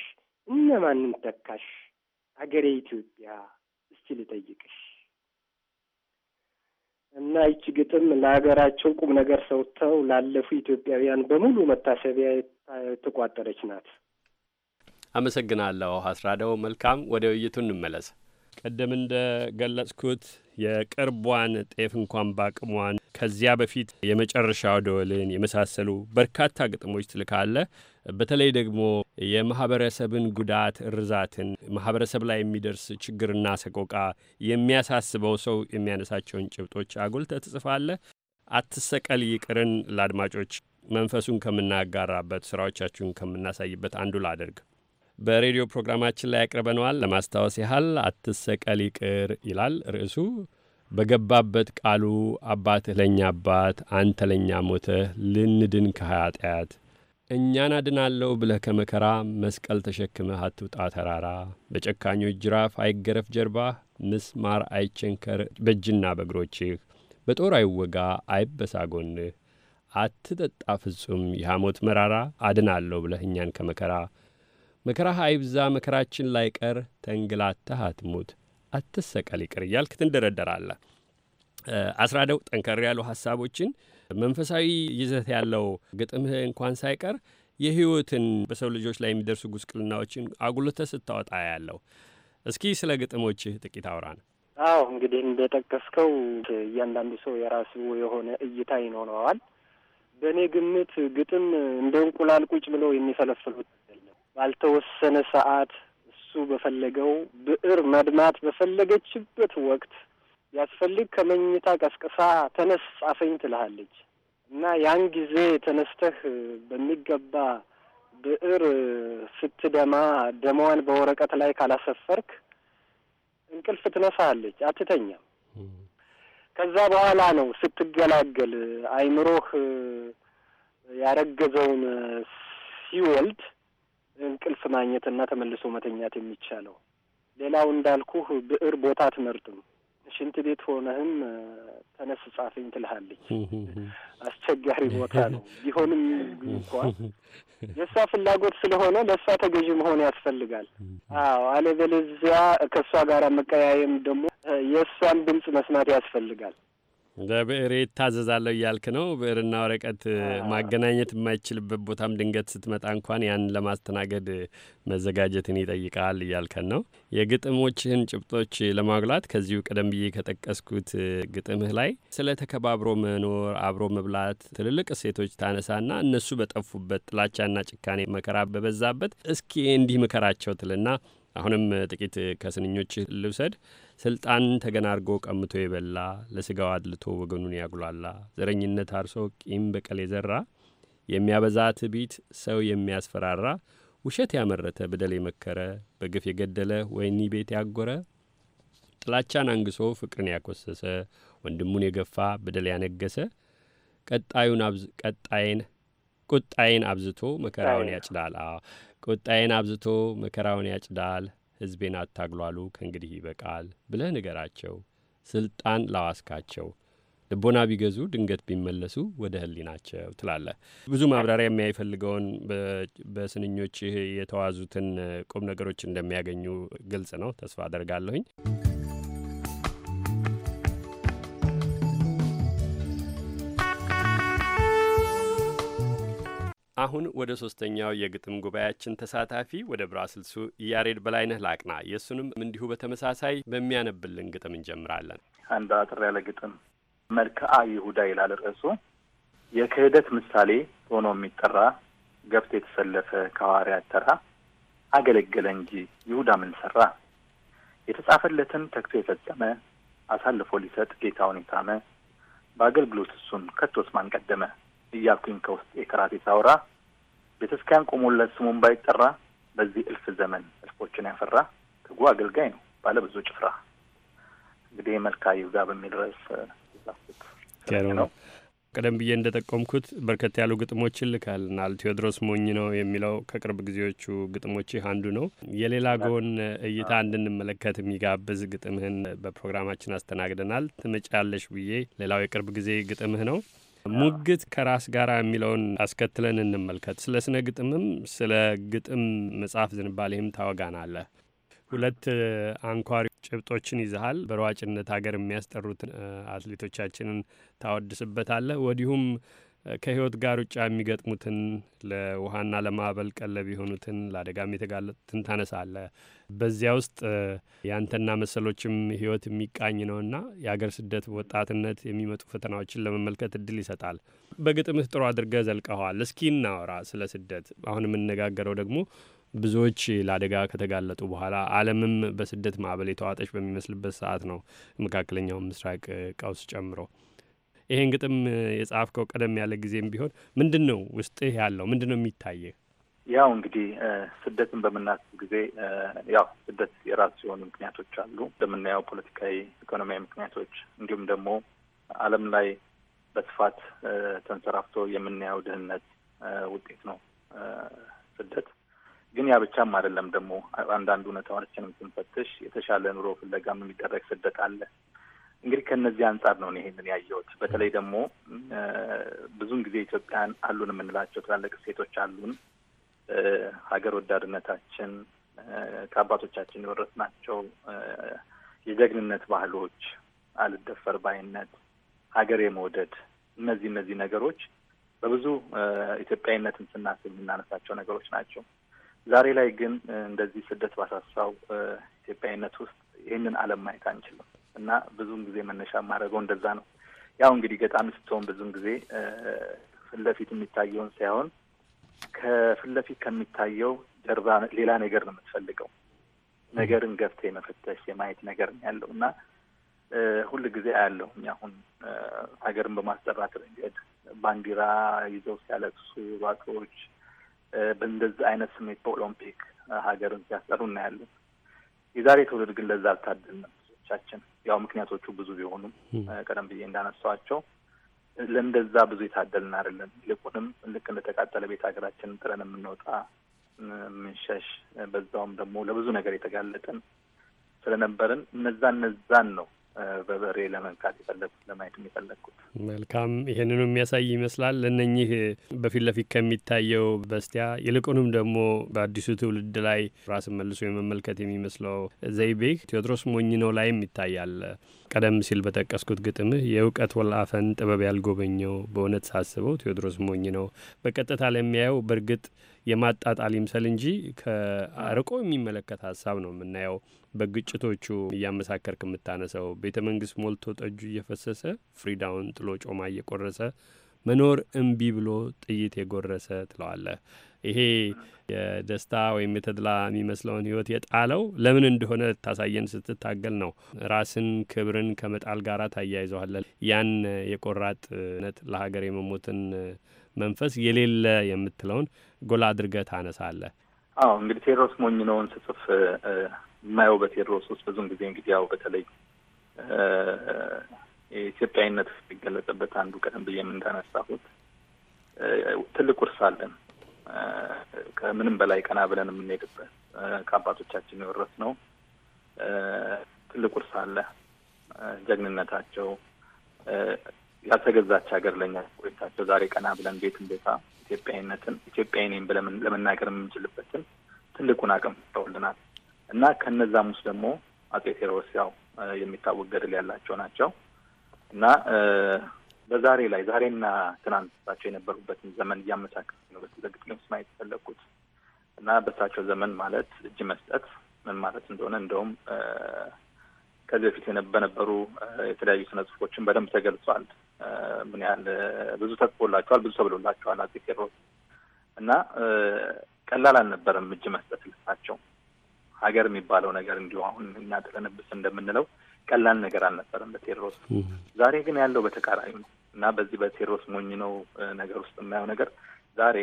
Speaker 5: እነማንን ተካሽ አገሬ ኢትዮጵያ እስቲ ልጠይቅሽ። እና ይቺ ግጥም ለሀገራቸው ቁም ነገር ሰውተው ላለፉ ኢትዮጵያውያን በሙሉ መታሰቢያ የተቋጠረች ናት።
Speaker 2: አመሰግናለሁ አስራደው። መልካም፣ ወደ ውይይቱ እንመለስ። ቀደም እንደ ገለጽኩት የቅርቧን ጤፍ እንኳን ባቅሟን ከዚያ በፊት የመጨረሻው ደወልን የመሳሰሉ በርካታ ግጥሞች ትልካለ። በተለይ ደግሞ የማህበረሰብን ጉዳት እርዛትን፣ ማህበረሰብ ላይ የሚደርስ ችግርና ሰቆቃ የሚያሳስበው ሰው የሚያነሳቸውን ጭብጦች አጉልተ ትጽፋለህ። አትሰቀል ይቅርን ለአድማጮች መንፈሱን ከምናጋራበት ስራዎቻችሁን ከምናሳይበት አንዱ ላደርግ በሬዲዮ ፕሮግራማችን ላይ ያቅርበነዋል። ለማስታወስ ያህል አትሰቀል ይቅር ይላል ርዕሱ። በገባበት ቃሉ አባትህ ለእኛ አባት፣ አንተ ለእኛ ሞተህ ልንድን ከኃጢአት እኛን አድናለሁ ብለህ ከመከራ መስቀል ተሸክመህ አትውጣ ተራራ። በጨካኞች ጅራፍ አይገረፍ ጀርባህ፣ ምስማር አይቸንከር በእጅና በእግሮችህ። በጦር አይወጋ አይበሳ ጎንህ፣ አትጠጣ ፍጹም የሐሞት መራራ። አድናለሁ ብለህ እኛን ከመከራ መከራህ አይብዛ መከራችን ላይቀር ተንግላታህ አትሙት አትሰቀል ይቅር እያልክ ትንደረደራለህ። አስራደው ጠንከር ያሉ ሀሳቦችን መንፈሳዊ ይዘት ያለው ግጥምህ እንኳን ሳይቀር የህይወትን በሰው ልጆች ላይ የሚደርሱ ጉስቅልናዎችን አጉልተ ስታወጣ ያለው። እስኪ ስለ ግጥሞችህ ጥቂት አውራን።
Speaker 5: አዎ እንግዲህ እንደጠቀስከው እያንዳንዱ ሰው የራሱ የሆነ እይታ ይኖረዋል። በእኔ ግምት ግጥም እንደ እንቁላል ቁጭ ብለው የሚፈለፍሉት ባልተወሰነ ሰዓት እሱ በፈለገው ብዕር መድማት በፈለገችበት ወቅት ያስፈልግ ከመኝታ ቀስቀሳ ተነስ ጻፈኝ ትልሃለች እና ያን ጊዜ ተነስተህ በሚገባ ብዕር ስትደማ ደማዋን በወረቀት ላይ ካላሰፈርክ እንቅልፍ ትነሳለች፣ አትተኛም። ከዛ በኋላ ነው ስትገላገል አይምሮህ ያረገዘውን ሲወልድ እንቅልፍ ማግኘትና ተመልሶ መተኛት የሚቻለው። ሌላው እንዳልኩህ ብዕር ቦታ አትመርጥም። ሽንት ቤት ሆነህም ተነስ ጻፈኝ ትልሃለች። አስቸጋሪ ቦታ ነው። ቢሆንም እንኳ የእሷ ፍላጎት ስለሆነ ለእሷ ተገዥ መሆን ያስፈልጋል። አዎ፣ አለበለዚያ ከእሷ ጋር መቀያየም ደግሞ የእሷን ድምፅ መስማት ያስፈልጋል።
Speaker 2: ለብዕሬ ይታዘዛለሁ እያልክ ነው። ብዕርና ወረቀት ማገናኘት የማይችልበት ቦታም ድንገት ስትመጣ እንኳን ያን ለማስተናገድ መዘጋጀትን ይጠይቃል እያልከን ነው። የግጥሞችህን ጭብጦች ለማጉላት ከዚሁ ቀደም ብዬ ከጠቀስኩት ግጥምህ ላይ ስለ ተከባብሮ መኖር፣ አብሮ መብላት ትልልቅ እሴቶች ታነሳና እነሱ በጠፉበት ጥላቻና ጭካኔ መከራ በበዛበት እስኪ እንዲህ ምከራቸው ትልና አሁንም ጥቂት ከስንኞች ልውሰድ። ስልጣን ተገናርጎ ቀምቶ የበላ ለስጋው አድልቶ ወገኑን ያጉላላ ዘረኝነት አርሶ ቂም በቀል የዘራ የሚያበዛ ትቢት ሰው የሚያስፈራራ ውሸት ያመረተ በደል የመከረ በግፍ የገደለ ወይኒ ቤት ያጎረ ጥላቻን አንግሶ ፍቅርን ያኮሰሰ ወንድሙን የገፋ በደል ያነገሰ ቀጣዩን ቁጣዬን አብዝቶ መከራውን ያጭላል። ቁጣዬን አብዝቶ መከራውን ያጭዳል፣ ሕዝቤን አታግሏሉ፣ ከእንግዲህ ይበቃል ብለህ ንገራቸው። ስልጣን ላዋስካቸው ልቦና ቢገዙ ድንገት ቢመለሱ ወደ ህሊናቸው ትላለህ። ብዙ ማብራሪያ የማይፈልገውን በስንኞችህ የተዋዙትን ቁም ነገሮች እንደሚያገኙ ግልጽ ነው፣ ተስፋ አደርጋለሁኝ። አሁን ወደ ሶስተኛው የግጥም ጉባኤያችን ተሳታፊ ወደ ብራስልሱ ያሬድ በላይነህ ላቅና የእሱንም እንዲሁ በተመሳሳይ በሚያነብልን ግጥም እንጀምራለን።
Speaker 4: አንድ አጥር ያለ ግጥም መልክአ ይሁዳ ይላል ርዕሱ። የክህደት ምሳሌ ሆኖ የሚጠራ ገብቶ የተሰለፈ ከሐዋርያት ተራ አገለገለ እንጂ ይሁዳ ምን ሰራ? የተጻፈለትን ተግቶ የፈጸመ አሳልፎ ሊሰጥ ጌታውን የታመ በአገልግሎት እሱን ከቶስ ማን ቀደመ? እያልኩኝ ከውስጥ የከራቴ ሳውራ ቤተስኪያን ቆሞለት ስሙን ባይጠራ በዚህ እልፍ ዘመን እልፎችን ያፈራ ትጉ አገልጋይ ነው ባለ ብዙ ጭፍራ። እንግዲህ መልካ ይሁዳ በሚል ርዕስ
Speaker 8: ነው።
Speaker 2: ቀደም ብዬ እንደ ጠቆምኩት በርከት ያሉ ግጥሞችን ልካልናል። ቴዎድሮስ ሞኝ ነው የሚለው ከቅርብ ጊዜዎቹ ግጥሞች አንዱ ነው። የሌላ ጎን እይታ እንድንመለከት የሚጋብዝ ግጥምህን በፕሮግራማችን አስተናግደናል። ትመጫለሽ ብዬ ሌላው የቅርብ ጊዜ ግጥምህ ነው። ሙግት ከራስ ጋር የሚለውን አስከትለን እንመልከት። ስለ ስነ ግጥምም ስለ ግጥም መጽሐፍ ዝንባሌም ታወጋናለህ። ሁለት አንኳሪ ጭብጦችን ይዘሃል። በሯጭነት ሀገር የሚያስጠሩት አትሌቶቻችንን ታወድስበታለህ። ወዲሁም ከህይወት ጋር ውጫ የሚገጥሙትን ለውሃና ለማዕበል ቀለብ የሆኑትን ለአደጋም የተጋለጡትን ታነሳለህ። በዚያ ውስጥ ያንተና መሰሎችም ህይወት የሚቃኝ ነውና የአገር ስደት ወጣትነት የሚመጡ ፈተናዎችን ለመመልከት እድል ይሰጣል። በግጥምህ ጥሩ አድርገህ ዘልቀኸዋል። እስኪ እናወራ ስለ ስደት። አሁን የምነጋገረው ደግሞ ብዙዎች ለአደጋ ከተጋለጡ በኋላ ዓለምም በስደት ማዕበል የተዋጠች በሚመስልበት ሰዓት ነው፣ መካከለኛውን ምስራቅ ቀውስ ጨምሮ። ይሄን ግጥም የጻፍከው ቀደም ያለ ጊዜም ቢሆን ምንድን ነው ውስጥህ ያለው? ምንድን ነው የሚታየህ?
Speaker 4: ያው እንግዲህ ስደትን በምናስብ ጊዜ ያው ስደት የራሱ የሆኑ ምክንያቶች አሉ። እንደምናየው ፖለቲካዊ፣ ኢኮኖሚያዊ ምክንያቶች እንዲሁም ደግሞ ዓለም ላይ በስፋት ተንሰራፍቶ የምናየው ድህነት ውጤት ነው ስደት። ግን ያ ብቻም አይደለም። ደግሞ አንዳንድ እውነታዎችንም ስንፈትሽ የተሻለ ኑሮ ፍለጋም የሚደረግ ስደት አለ። እንግዲህ ከእነዚህ አንጻር ነው ይሄንን ያየሁት። በተለይ ደግሞ ብዙን ጊዜ ኢትዮጵያን አሉን የምንላቸው ትላልቅ ሴቶች አሉን ሀገር ወዳድነታችን ከአባቶቻችን የወረስናቸው የጀግንነት ባህሎች፣ አልደፈር ባይነት፣ ሀገር የመውደድ እነዚህ እነዚህ ነገሮች በብዙ ኢትዮጵያዊነትን ስናስብ የምናነሳቸው ነገሮች ናቸው። ዛሬ ላይ ግን እንደዚህ ስደት ባሳሳው ኢትዮጵያዊነት ውስጥ ይህንን ዓለም ማየት አንችልም እና ብዙን ጊዜ መነሻ የማደርገው እንደዛ ነው። ያው እንግዲህ ገጣሚ ስትሆን ብዙን ጊዜ ፊት ለፊት የሚታየውን ሳይሆን ከፊት ለፊት ከሚታየው ጀርባ ሌላ ነገር ነው የምትፈልገው። ነገርን ገብተህ የመፈተሽ የማየት ነገር ያለው እና ሁል ጊዜ አያለሁ። እኛ አሁን ሀገርን በማስጠራት ረገድ ባንዲራ ይዘው ሲያለቅሱ ሯጮች በእንደዚህ አይነት ስሜት በኦሎምፒክ ሀገርን ሲያስጠሩ እናያለን። የዛሬ ትውልድ ግን ለዛ አልታደልንም ብዙዎቻችን። ያው ምክንያቶቹ ብዙ ቢሆኑም ቀደም ብዬ እንዳነሳዋቸው ለእንደዛ ብዙ የታደልን አይደለም። ይልቁንም ልክ እንደተቃጠለ ቤት ሀገራችን ጥረን የምንወጣ ምንሸሽ በዛውም ደግሞ ለብዙ ነገር የተጋለጥን ስለነበርን እነዛ እነዛን ነው በበሬ ለመንካት የፈለግኩት ለማየት የፈለግኩት።
Speaker 2: መልካም ይህንኑ የሚያሳይ ይመስላል። ለእነኚህ በፊት ለፊት ከሚታየው በስቲያ ይልቁንም ደግሞ በአዲሱ ትውልድ ላይ ራስን መልሶ የመመልከት የሚመስለው ዘይቤ ቴዎድሮስ ሞኝነው ላይም ይታያል። ቀደም ሲል በጠቀስኩት ግጥምህ የእውቀት ወላፈን ጥበብ ያልጎበኘው በእውነት ሳስበው ቴዎድሮስ ሞኝ ነው። በቀጥታ ለሚያየው በእርግጥ የማጣጣል ይምሰል እንጂ ከአርቆ የሚመለከት ሀሳብ ነው የምናየው። በግጭቶቹ እያመሳከርክ የምታነሰው ቤተ መንግስት ሞልቶ ጠጁ እየፈሰሰ ፍሪዳውን ጥሎ ጮማ እየቆረሰ መኖር እምቢ ብሎ ጥይት የጎረሰ ትለዋለህ። ይሄ የደስታ ወይም የተድላ የሚመስለውን ህይወት የጣለው ለምን እንደሆነ ልታሳየን ስትታገል ነው። ራስን ክብርን ከመጣል ጋር ታያይዘዋለን። ያን የቆራጥነት ለሀገር የመሞትን መንፈስ የሌለ የምትለውን ጎላ አድርገህ ታነሳለህ።
Speaker 4: አዎ እንግዲህ ቴድሮስ ሞኝ ነውን ስጽፍ የማየው በቴድሮስ ውስጥ ብዙን ጊዜ እንግዲህ ያው በተለይ የኢትዮጵያዊነት ሲገለጽበት አንዱ ቀደም ብዬ የምንተነሳሁት ትልቅ ውርስ አለን ከምንም በላይ ቀና ብለን የምንሄድበት ከአባቶቻችን ነው ትልቅ ውርስ አለ። ጀግንነታቸው፣ ያልተገዛች ሀገር ለኛ ቆይታቸው፣ ዛሬ ቀና ብለን ቤት እንዴታ ኢትዮጵያዊነትን ኢትዮጵያዊኔም ብለን ለመናገር የምንችልበትን ትልቁን አቅም ፈጥረውልናል እና ከነዛም ውስጥ ደግሞ አጼ ቴዎድሮስ ያው የሚታወቅ ገድል ያላቸው ናቸው እና በዛሬ ላይ ዛሬና ትናንት እሳቸው የነበሩበትን ዘመን እያመሳከል ነው በተዘግጥቅምስ ማየት የፈለግኩት እና በእሳቸው ዘመን ማለት እጅ መስጠት ምን ማለት እንደሆነ እንደውም ከዚህ በፊት በነበሩ የተለያዩ ስነ ጽሁፎችን በደንብ ተገልጿል። ምን ያህል ብዙ ተጽፎላቸዋል፣ ብዙ ተብሎላቸዋል አፄ ቴዎድሮስ እና ቀላል አልነበረም እጅ መስጠት ልሳቸው ሀገር የሚባለው ነገር እንዲሁ አሁን እኛ ጥለንብስ እንደምንለው ቀላል ነገር አልነበረም ለቴዎድሮስ። ዛሬ ግን ያለው በተቃራኒ ነው እና በዚህ በቴድሮስ ሞኝ ነው ነገር ውስጥ የማየው ነገር ዛሬ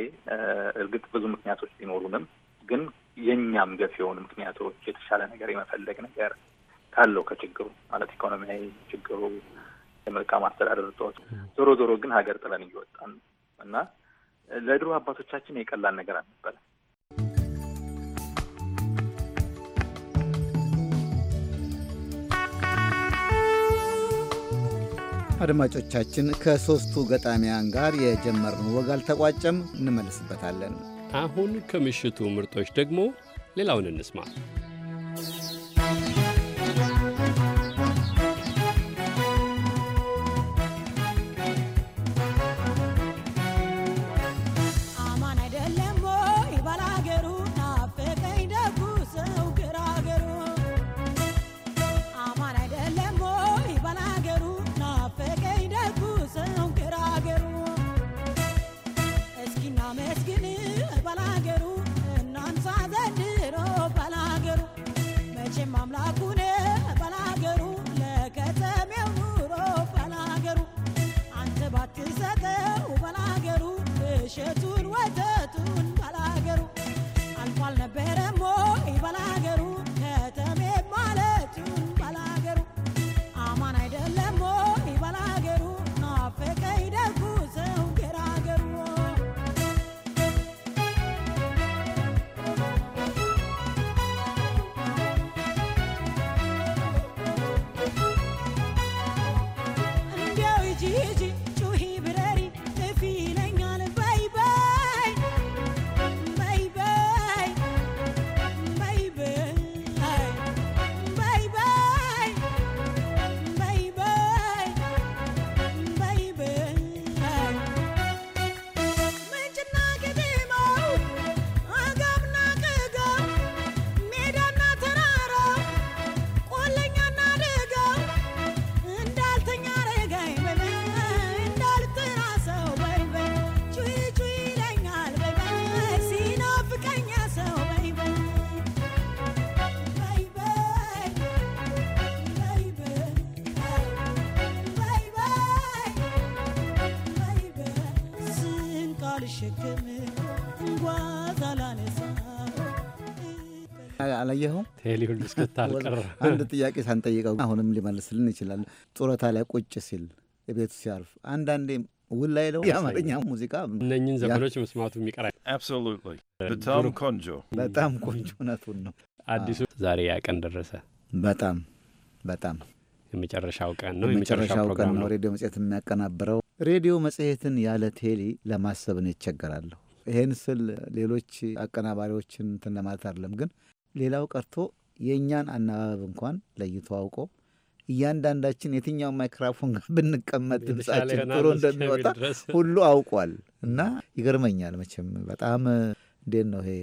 Speaker 4: እርግጥ ብዙ ምክንያቶች ቢኖሩንም ግን የእኛም ገፍ የሆኑ ምክንያቶች የተሻለ ነገር የመፈለግ ነገር ካለው ከችግሩ ማለት ኢኮኖሚያዊ ችግሩ የመልካም አስተዳደር እጦት፣ ዞሮ ዞሮ ግን ሀገር ጥለን እየወጣን እና ለድሮ አባቶቻችን የቀላል ነገር አልነበረም።
Speaker 1: አድማጮቻችን፣ ከሦስቱ ገጣሚያን ጋር የጀመርነው ወግ አልተቋጨም፣ እንመለስበታለን።
Speaker 2: አሁን ከምሽቱ ምርጦች ደግሞ ሌላውን እንስማ።
Speaker 1: ቴሌ ሁሉ እስክታልቀር አንድ ጥያቄ ሳንጠይቀው አሁንም ሊመልስልን ይችላል። ጡረታ ላይ ቁጭ ሲል ቤቱ ሲያርፍ አንዳንዴ ውል ላይ ነው የአማርኛ ሙዚቃ እነኝን ዘመኖች መስማቱ የሚቀራ በጣም ቆንጆ በጣም ቆንጆ እውነቱን ነው።
Speaker 2: አዲሱ ዛሬ ያ ቀን ደረሰ።
Speaker 1: በጣም በጣም የመጨረሻው ቀን ነው። የመጨረሻው ቀን ነው። ሬዲዮ መጽሔት የሚያቀናብረው ሬዲዮ መጽሔትን ያለ ቴሊ ለማሰብን ይቸገራለሁ። ይሄን ስል ሌሎች አቀናባሪዎችን እንትን ለማለት አይደለም ግን ሌላው ቀርቶ የእኛን አናባብ እንኳን ለይቶ አውቆ እያንዳንዳችን የትኛው ማይክራፎን ጋር ብንቀመጥ ድምጻችን ጥሩ እንደሚወጣ ሁሉ አውቋል እና ይገርመኛል። መቼም በጣም እንዴት ነው ይሄ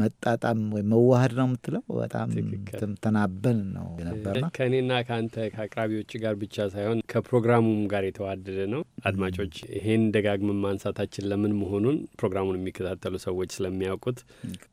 Speaker 1: መጣጣም ወይም መዋሃድ ነው የምትለው። በጣም ተናበን ነው የነበርና
Speaker 2: ከእኔና ከአንተ ከአቅራቢዎች ጋር ብቻ ሳይሆን ከፕሮግራሙም ጋር የተዋደደ ነው። አድማጮች ይሄን ደጋግመን ማንሳታችን ለምን መሆኑን ፕሮግራሙን የሚከታተሉ ሰዎች ስለሚያውቁት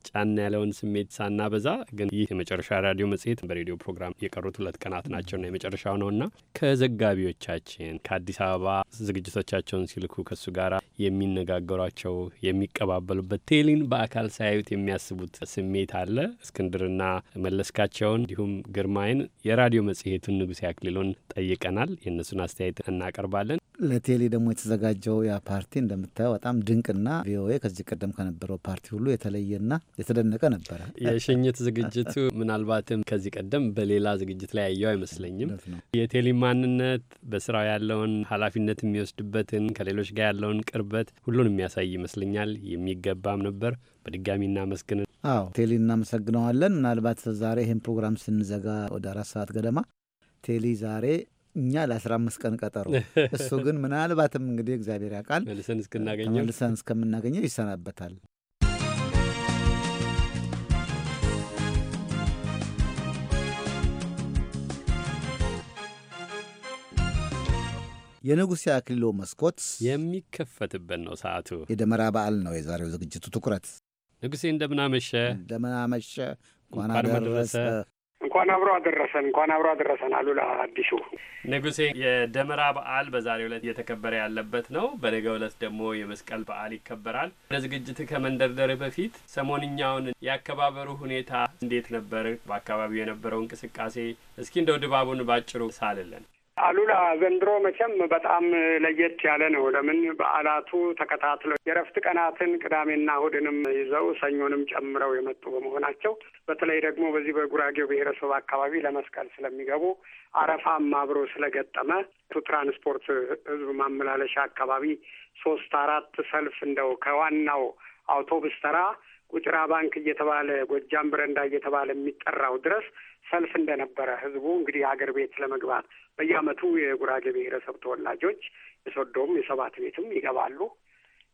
Speaker 2: ጫና ያለውን ስሜት ሳናበዛ፣ ግን ይህ የመጨረሻ ራዲዮ መጽሔት በሬዲዮ ፕሮግራም የቀሩት ሁለት ቀናት ና የመጨረሻው ና ከዘጋቢዎቻችን ከአዲስ አበባ ዝግጅቶቻቸውን ሲልኩ ከእሱ ጋር የሚነጋገሯቸው የሚቀባበሉበት ቴሊን በአካል ሳያዩት የሚያስ የሚያስቡት ስሜት አለ። እስክንድርና መለስካቸውን እንዲሁም ግርማይን የራዲዮ መጽሔቱን ንጉሴ አክሊሉን ጠይቀናል። የእነሱን አስተያየት እናቀርባለን።
Speaker 1: ለቴሌ ደግሞ የተዘጋጀው ያ ፓርቲ እንደምታየው በጣም ድንቅና ቪኦኤ ከዚህ ቀደም ከነበረው ፓርቲ ሁሉ የተለየና የተደነቀ ነበረ። የሽኝት ዝግጅቱ
Speaker 2: ምናልባትም ከዚህ ቀደም በሌላ ዝግጅት ላይ ያየው አይመስለኝም። የቴሌ ማንነት፣ በስራው ያለውን ኃላፊነት የሚወስድበትን ከሌሎች ጋር ያለውን ቅርበት ሁሉን የሚያሳይ ይመስለኛል። የሚገባም ነበር። በድጋሚ እናመስግን።
Speaker 1: አዎ ቴሊ እናመሰግነዋለን። ምናልባት ዛሬ ይህን ፕሮግራም ስንዘጋ ወደ አራት ሰዓት ገደማ ቴሊ ዛሬ እኛ ለአስራ አምስት ቀን ቀጠሮ እሱ ግን ምናልባትም እንግዲህ እግዚአብሔር ያውቃል
Speaker 2: መልሰን እስክናገኘው መልሰን
Speaker 1: እስከምናገኘው ይሰናበታል። የንጉሥ የአክሊሎ መስኮት የሚከፈትበት ነው። ሰዓቱ የደመራ በዓል ነው የዛሬው ዝግጅቱ ትኩረት።
Speaker 2: ንጉሴ እንደምናመሸ
Speaker 1: እንደምናመሸ እንኳን አደረሰ
Speaker 2: እንኳን አብሮ አደረሰን እንኳን አብሮ
Speaker 5: አደረሰን አሉላ አዲሱ
Speaker 2: ንጉሴ የደመራ በዓል በዛሬ ዕለት እየተከበረ ያለበት ነው በነገ ዕለት ደግሞ የመስቀል በዓል ይከበራል ወደ ዝግጅት ከመንደርደር በፊት ሰሞንኛውን የአከባበሩ ሁኔታ እንዴት ነበር በአካባቢው የነበረው እንቅስቃሴ እስኪ እንደው ድባቡን ባጭሩ ሳልለን
Speaker 5: አሉላ ዘንድሮ መቼም በጣም ለየት ያለ ነው። ለምን በዓላቱ ተከታትለው የእረፍት ቀናትን ቅዳሜና እሁድንም ይዘው ሰኞንም ጨምረው የመጡ በመሆናቸው በተለይ ደግሞ በዚህ በጉራጌው ብሔረሰብ አካባቢ ለመስቀል ስለሚገቡ አረፋም አብሮ ስለገጠመ ትራንስፖርት ህዝብ ማመላለሻ አካባቢ ሶስት አራት ሰልፍ እንደው ከዋናው አውቶቡስ ተራ ቁጭራ ባንክ እየተባለ ጎጃም ብረንዳ እየተባለ የሚጠራው ድረስ ሰልፍ እንደነበረ ህዝቡ እንግዲህ ሀገር ቤት ለመግባት በየአመቱ የጉራጌ ብሔረሰብ ተወላጆች የሶዶም የሰባት ቤትም ይገባሉ።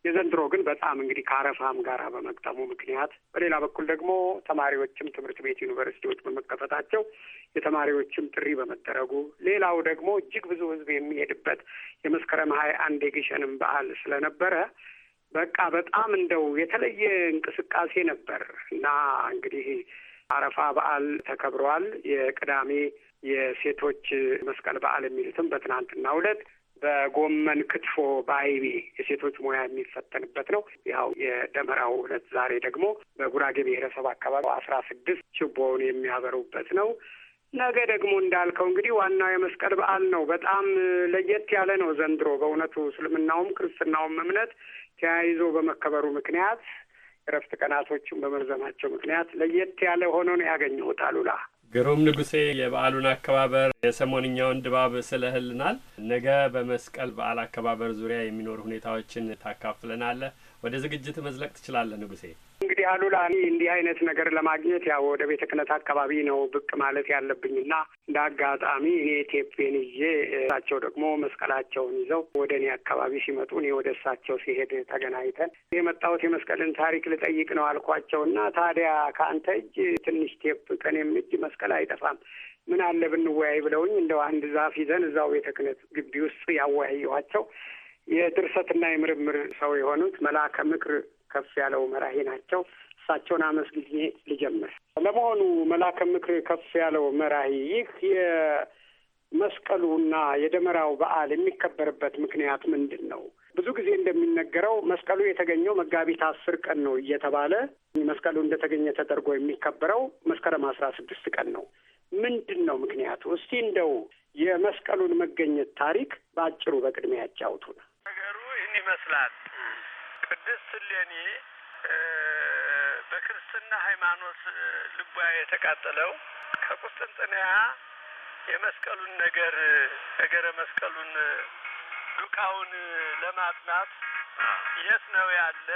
Speaker 5: የዘንድሮ ግን በጣም እንግዲህ ከአረፋም ጋር በመግጠሙ ምክንያት በሌላ በኩል ደግሞ ተማሪዎችም ትምህርት ቤት ዩኒቨርሲቲዎች በመከፈታቸው የተማሪዎችም ጥሪ በመደረጉ ሌላው ደግሞ እጅግ ብዙ ህዝብ የሚሄድበት የመስከረም ሀያ አንድ የግሸንም በዓል ስለነበረ በቃ በጣም እንደው የተለየ እንቅስቃሴ ነበር እና እንግዲህ አረፋ በዓል ተከብረዋል። የቅዳሜ የሴቶች መስቀል በዓል የሚሉትም በትናንትናው ዕለት በጎመን ክትፎ በአይቤ የሴቶች ሙያ የሚፈተንበት ነው። ያው የደመራው ዕለት ዛሬ ደግሞ በጉራጌ ብሔረሰብ አካባቢ አስራ ስድስት ችቦውን የሚያበሩበት ነው። ነገ ደግሞ እንዳልከው እንግዲህ ዋናው የመስቀል በዓል ነው። በጣም ለየት ያለ ነው ዘንድሮ በእውነቱ እስልምናውም ክርስትናውም እምነት ተያይዞ በመከበሩ ምክንያት እረፍት ቀናቶችን በመርዘማቸው ምክንያት ለየት ያለ ሆኖ ነው ያገኘሁት። አሉላ
Speaker 2: ግሩም ንጉሴ የበዓሉን አከባበር የሰሞንኛውን ድባብ ስለህልናል። ነገ በመስቀል በዓል አከባበር ዙሪያ የሚኖሩ ሁኔታዎችን ታካፍለናለህ። ወደ ዝግጅት መዝለቅ ትችላለህ ንጉሴ።
Speaker 5: አሉላ እንዲህ አይነት ነገር ለማግኘት ያው ወደ ቤተ ክህነት አካባቢ ነው ብቅ ማለት ያለብኝ እና እንደ አጋጣሚ እኔ ቴፔን ይዤ እሳቸው ደግሞ መስቀላቸውን ይዘው ወደ እኔ አካባቢ ሲመጡ እኔ ወደ እሳቸው ሲሄድ ተገናኝተን የመጣሁት የመስቀልን ታሪክ ልጠይቅ ነው እና ታዲያ ከአንተ እጅ ትንሽ ቴፕ ከኔም እጅ መስቀል አይጠፋም ምን አለ ብንወያይ ብለውኝ እንደው አንድ ዛፍ ይዘን እዛው ቤተ ክህነት ግቢ ውስጥ ያወያየኋቸው የድርሰትና የምርምር ሰው የሆኑት መልአከ ምክር ከፍ ያለው መራሄ ናቸው። እሳቸውን አመስግኜ ልጀምር። ለመሆኑ መልአከ ምክር ከፍ ያለው መራሂ ይህ የመስቀሉና የደመራው በዓል የሚከበርበት ምክንያት ምንድን ነው? ብዙ ጊዜ እንደሚነገረው መስቀሉ የተገኘው መጋቢት አስር ቀን ነው እየተባለ መስቀሉ እንደተገኘ ተደርጎ የሚከበረው መስከረም አስራ ስድስት ቀን ነው። ምንድን ነው ምክንያቱ? እስቲ እንደው የመስቀሉን መገኘት ታሪክ በአጭሩ በቅድሚያ ያጫውቱ።
Speaker 9: ነገሩ ይህን ይመስላል። ቅድስት እሌኒ በክርስትና ሃይማኖት ልቧ የተቃጠለው ከቁስጥንጥንያ የመስቀሉን ነገር ነገረ መስቀሉን ዱካውን ለማጥናት የት ነው ያለ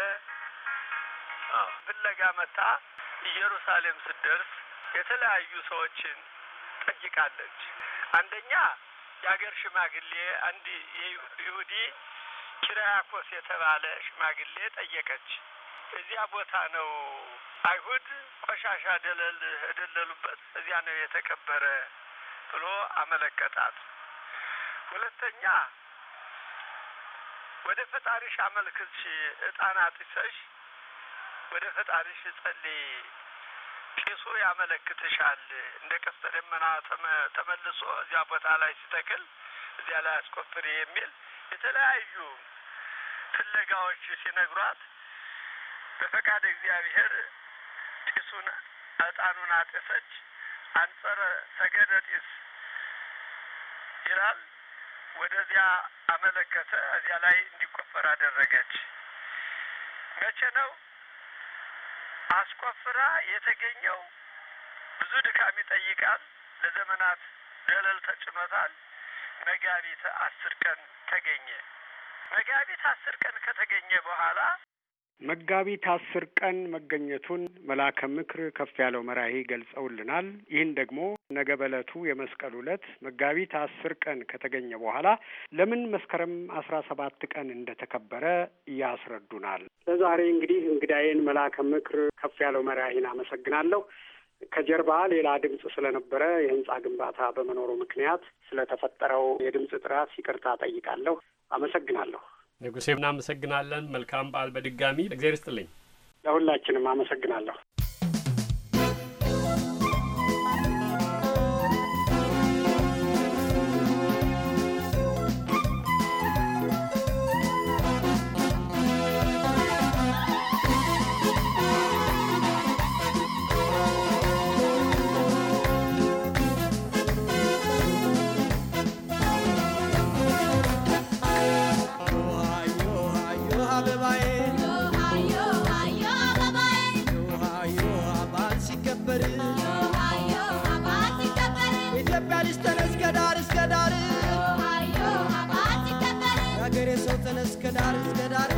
Speaker 9: ፍለጋ መታ። ኢየሩሳሌም ስደርስ የተለያዩ ሰዎችን ጠይቃለች። አንደኛ የአገር ሽማግሌ አንድ ይሁዲ ኪራያኮስ የተባለ ሽማግሌ ጠየቀች። እዚያ ቦታ ነው አይሁድ ቆሻሻ ደለል የደለሉበት እዚያ ነው የተቀበረ ብሎ አመለከታት። ሁለተኛ ወደ ፈጣሪሽ አመልክች፣ እጣን አጢሰሽ ወደ ፈጣሪሽ ጸልይ፣ ጢሱ ያመለክትሻል። እንደ ቀስተ ደመና ተመልሶ እዚያ ቦታ ላይ ሲተክል እዚያ ላይ አስቆፍሪ የሚል የተለያዩ ፍለጋዎች ሲነግሯት በፈቃድ እግዚአብሔር ጢሱን እጣኑን አጤሰች። አንጸረ ሰገደ ጢስ ይላል። ወደዚያ አመለከተ። እዚያ ላይ እንዲቆፈር አደረገች። መቼ ነው አስቆፍራ የተገኘው? ብዙ ድካም ይጠይቃል። ለዘመናት ደለል ተጭኖታል። መጋቢት አስር ቀን ተገኘ። መጋቢት አስር ቀን ከተገኘ በኋላ
Speaker 5: መጋቢት አስር ቀን መገኘቱን መላከ ምክር ከፍ ያለው መራሂ ገልጸውልናል። ይህን ደግሞ ነገ በለቱ የመስቀል ዕለት መጋቢት አስር ቀን ከተገኘ በኋላ ለምን መስከረም አስራ ሰባት ቀን እንደተከበረ ያስረዱናል። ለዛሬ እንግዲህ እንግዳዬን መላከ ምክር ከፍ ያለው መራሂን አመሰግናለሁ። ከጀርባ ሌላ ድምፅ ስለነበረ የህንፃ ግንባታ በመኖሩ ምክንያት ስለተፈጠረው የድምፅ ጥራት ይቅርታ ጠይቃለሁ። አመሰግናለሁ።
Speaker 2: ንጉሴ፣ እናመሰግናለን። መልካም በዓል በድጋሚ። እግዜር ይስጥልኝ። ለሁላችንም አመሰግናለሁ።
Speaker 7: ዳር እስከ ዳር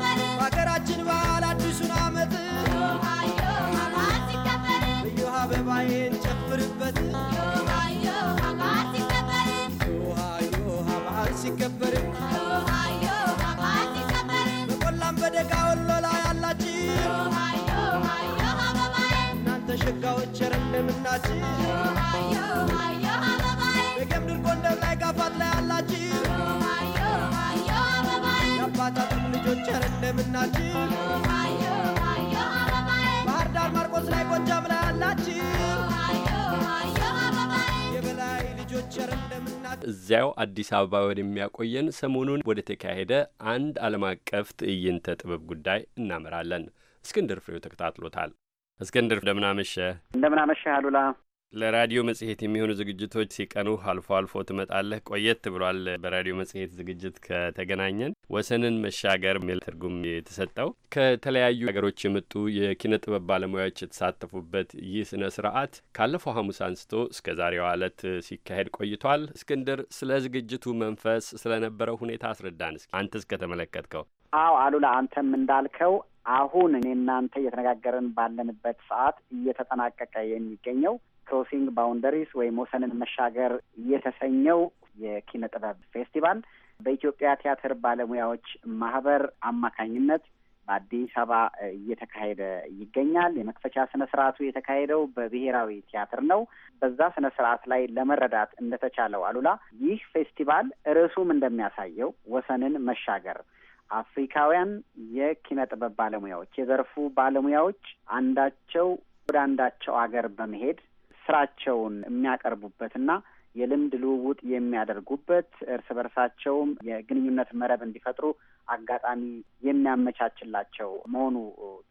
Speaker 7: በሀገራችን በዓል አዲሱን አመት እዮሃ አበባዬ እንጨፍርበት ዮሃ በዓል ሲከበር በቆላም በደጋ ወሎ ላይ አላች እናንተ ሸጋዎች ቸር እንደምናችሁ የምናችሁ ባህር ዳር ማርቆስ ላይ ጎጃም ላይ አላችሁ
Speaker 2: እዚያው አዲስ አበባ ወደሚያቆየን ሰሞኑን ወደ ተካሄደ አንድ ዓለም አቀፍ ትዕይንተ ጥበብ ጉዳይ እናመራለን። እስክንድር ፍሬው ተከታትሎታል። እስክንድር እንደምናመሸ
Speaker 10: እንደምናመሸ አሉላ
Speaker 2: ለራዲዮ መጽሔት የሚሆኑ ዝግጅቶች ሲቀኑ አልፎ አልፎ ትመጣለህ። ቆየት ብሏል። በራዲዮ መጽሔት ዝግጅት ከተገናኘን ወሰንን መሻገር የሚል ትርጉም የተሰጠው ከተለያዩ ሀገሮች የመጡ የኪነ ጥበብ ባለሙያዎች የተሳተፉበት ይህ ስነ ስርዓት ካለፈው ሐሙስ አንስቶ እስከ ዛሬዋ ዕለት ሲካሄድ ቆይቷል። እስክንድር፣ ስለ ዝግጅቱ መንፈስ፣ ስለነበረው ሁኔታ አስረዳን እስኪ አንተ እስከተመለከትከው።
Speaker 10: አዎ አሉላ፣ አንተም እንዳልከው አሁን እኔ እናንተ እየተነጋገርን ባለንበት ሰዓት እየተጠናቀቀ የሚገኘው ክሮሲንግ ባውንደሪስ ወይም ወሰንን መሻገር የተሰኘው የኪነ ጥበብ ፌስቲቫል በኢትዮጵያ ቲያትር ባለሙያዎች ማህበር አማካኝነት በአዲስ አበባ እየተካሄደ ይገኛል። የመክፈቻ ስነ ስርዓቱ የተካሄደው በብሔራዊ ቲያትር ነው። በዛ ስነ ስርዓት ላይ ለመረዳት እንደተቻለው አሉላ ይህ ፌስቲቫል ርዕሱም እንደሚያሳየው ወሰንን መሻገር አፍሪካውያን የኪነ ጥበብ ባለሙያዎች የዘርፉ ባለሙያዎች አንዳቸው ወደ አንዳቸው አገር በመሄድ ስራቸውን የሚያቀርቡበትና የልምድ ልውውጥ የሚያደርጉበት እርስ በርሳቸውም የግንኙነት መረብ እንዲፈጥሩ አጋጣሚ የሚያመቻችላቸው መሆኑ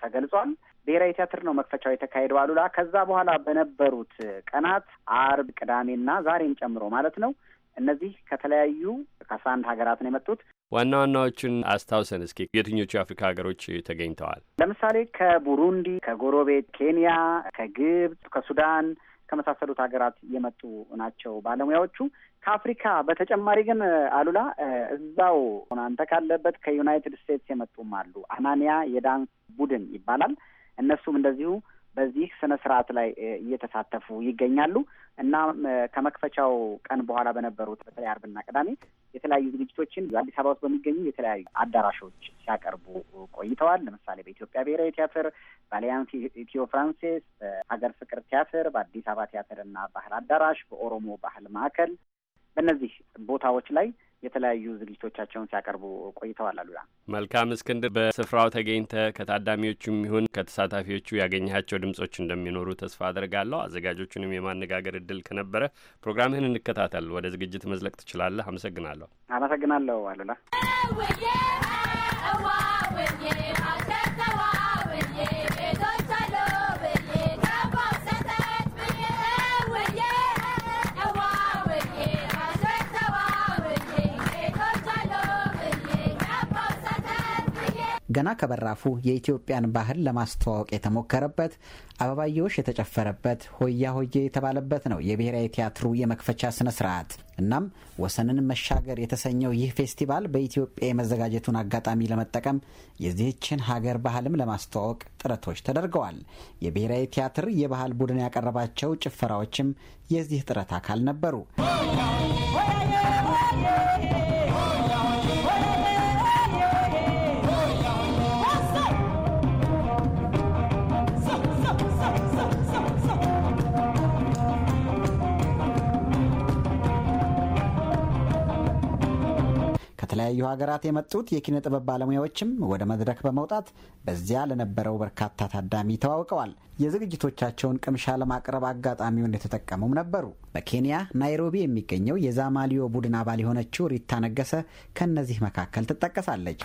Speaker 10: ተገልጿል። ብሔራዊ ቲያትር ነው መክፈቻው የተካሄደው። አሉላ ከዛ በኋላ በነበሩት ቀናት አርብ፣ ቅዳሜና ዛሬን ጨምሮ ማለት ነው እነዚህ ከተለያዩ ከአስራ አንድ ሀገራት ነው የመጡት።
Speaker 2: ዋና ዋናዎቹን አስታውሰን እስኪ የትኞቹ የአፍሪካ ሀገሮች ተገኝተዋል?
Speaker 10: ለምሳሌ ከቡሩንዲ፣ ከጎረቤት ኬንያ፣ ከግብፅ፣ ከሱዳን ከመሳሰሉት ሀገራት የመጡ ናቸው ባለሙያዎቹ። ከአፍሪካ በተጨማሪ ግን አሉላ እዛው አንተ ካለበት ከዩናይትድ ስቴትስ የመጡም አሉ። አናንያ የዳንስ ቡድን ይባላል። እነሱም እንደዚሁ በዚህ ስነ ስርዓት ላይ እየተሳተፉ ይገኛሉ እና ከመክፈቻው ቀን በኋላ በነበሩት በተለይ አርብና ቅዳሜ የተለያዩ ዝግጅቶችን አዲስ አበባ ውስጥ በሚገኙ የተለያዩ አዳራሾች ሲያቀርቡ ቆይተዋል። ለምሳሌ በኢትዮጵያ ብሔራዊ ቲያትር፣ በአሊያንስ ኢትዮ ፍራንሴስ፣ በሀገር ፍቅር ቲያትር፣ በአዲስ አበባ ቲያትር እና ባህል አዳራሽ፣ በኦሮሞ ባህል ማዕከል በእነዚህ ቦታዎች ላይ የተለያዩ ዝግጅቶቻቸውን ሲያቀርቡ ቆይተዋል። አሉላ
Speaker 2: መልካም እስክንድር፣ በስፍራው ተገኝተ ከታዳሚዎቹ ይሁን ከተሳታፊዎቹ ያገኘሃቸው ድምጾች እንደሚኖሩ ተስፋ አድርጋለሁ። አዘጋጆቹንም የማነጋገር እድል ከነበረ ፕሮግራምህን እንከታተል። ወደ ዝግጅት መዝለቅ ትችላለህ። አመሰግናለሁ።
Speaker 10: አመሰግናለሁ አሉላ።
Speaker 3: Yeah.
Speaker 11: ገና ከበራፉ የኢትዮጵያን ባህል ለማስተዋወቅ የተሞከረበት፣ አበባየዎሽ የተጨፈረበት፣ ሆያ ሆዬ የተባለበት ነው የብሔራዊ ቲያትሩ የመክፈቻ ስነ ስርዓት። እናም ወሰንን መሻገር የተሰኘው ይህ ፌስቲቫል በኢትዮጵያ የመዘጋጀቱን አጋጣሚ ለመጠቀም የዚህችን ሀገር ባህልም ለማስተዋወቅ ጥረቶች ተደርገዋል። የብሔራዊ ቲያትር የባህል ቡድን ያቀረባቸው ጭፈራዎችም የዚህ ጥረት አካል ነበሩ። ከተለያዩ ሀገራት የመጡት የኪነ ጥበብ ባለሙያዎችም ወደ መድረክ በመውጣት በዚያ ለነበረው በርካታ ታዳሚ ተዋውቀዋል። የዝግጅቶቻቸውን ቅምሻ ለማቅረብ አጋጣሚውን የተጠቀሙም ነበሩ። በኬንያ ናይሮቢ የሚገኘው የዛማሊዮ ቡድን አባል የሆነችው ሪታ ነገሰ ከእነዚህ መካከል ትጠቀሳለች።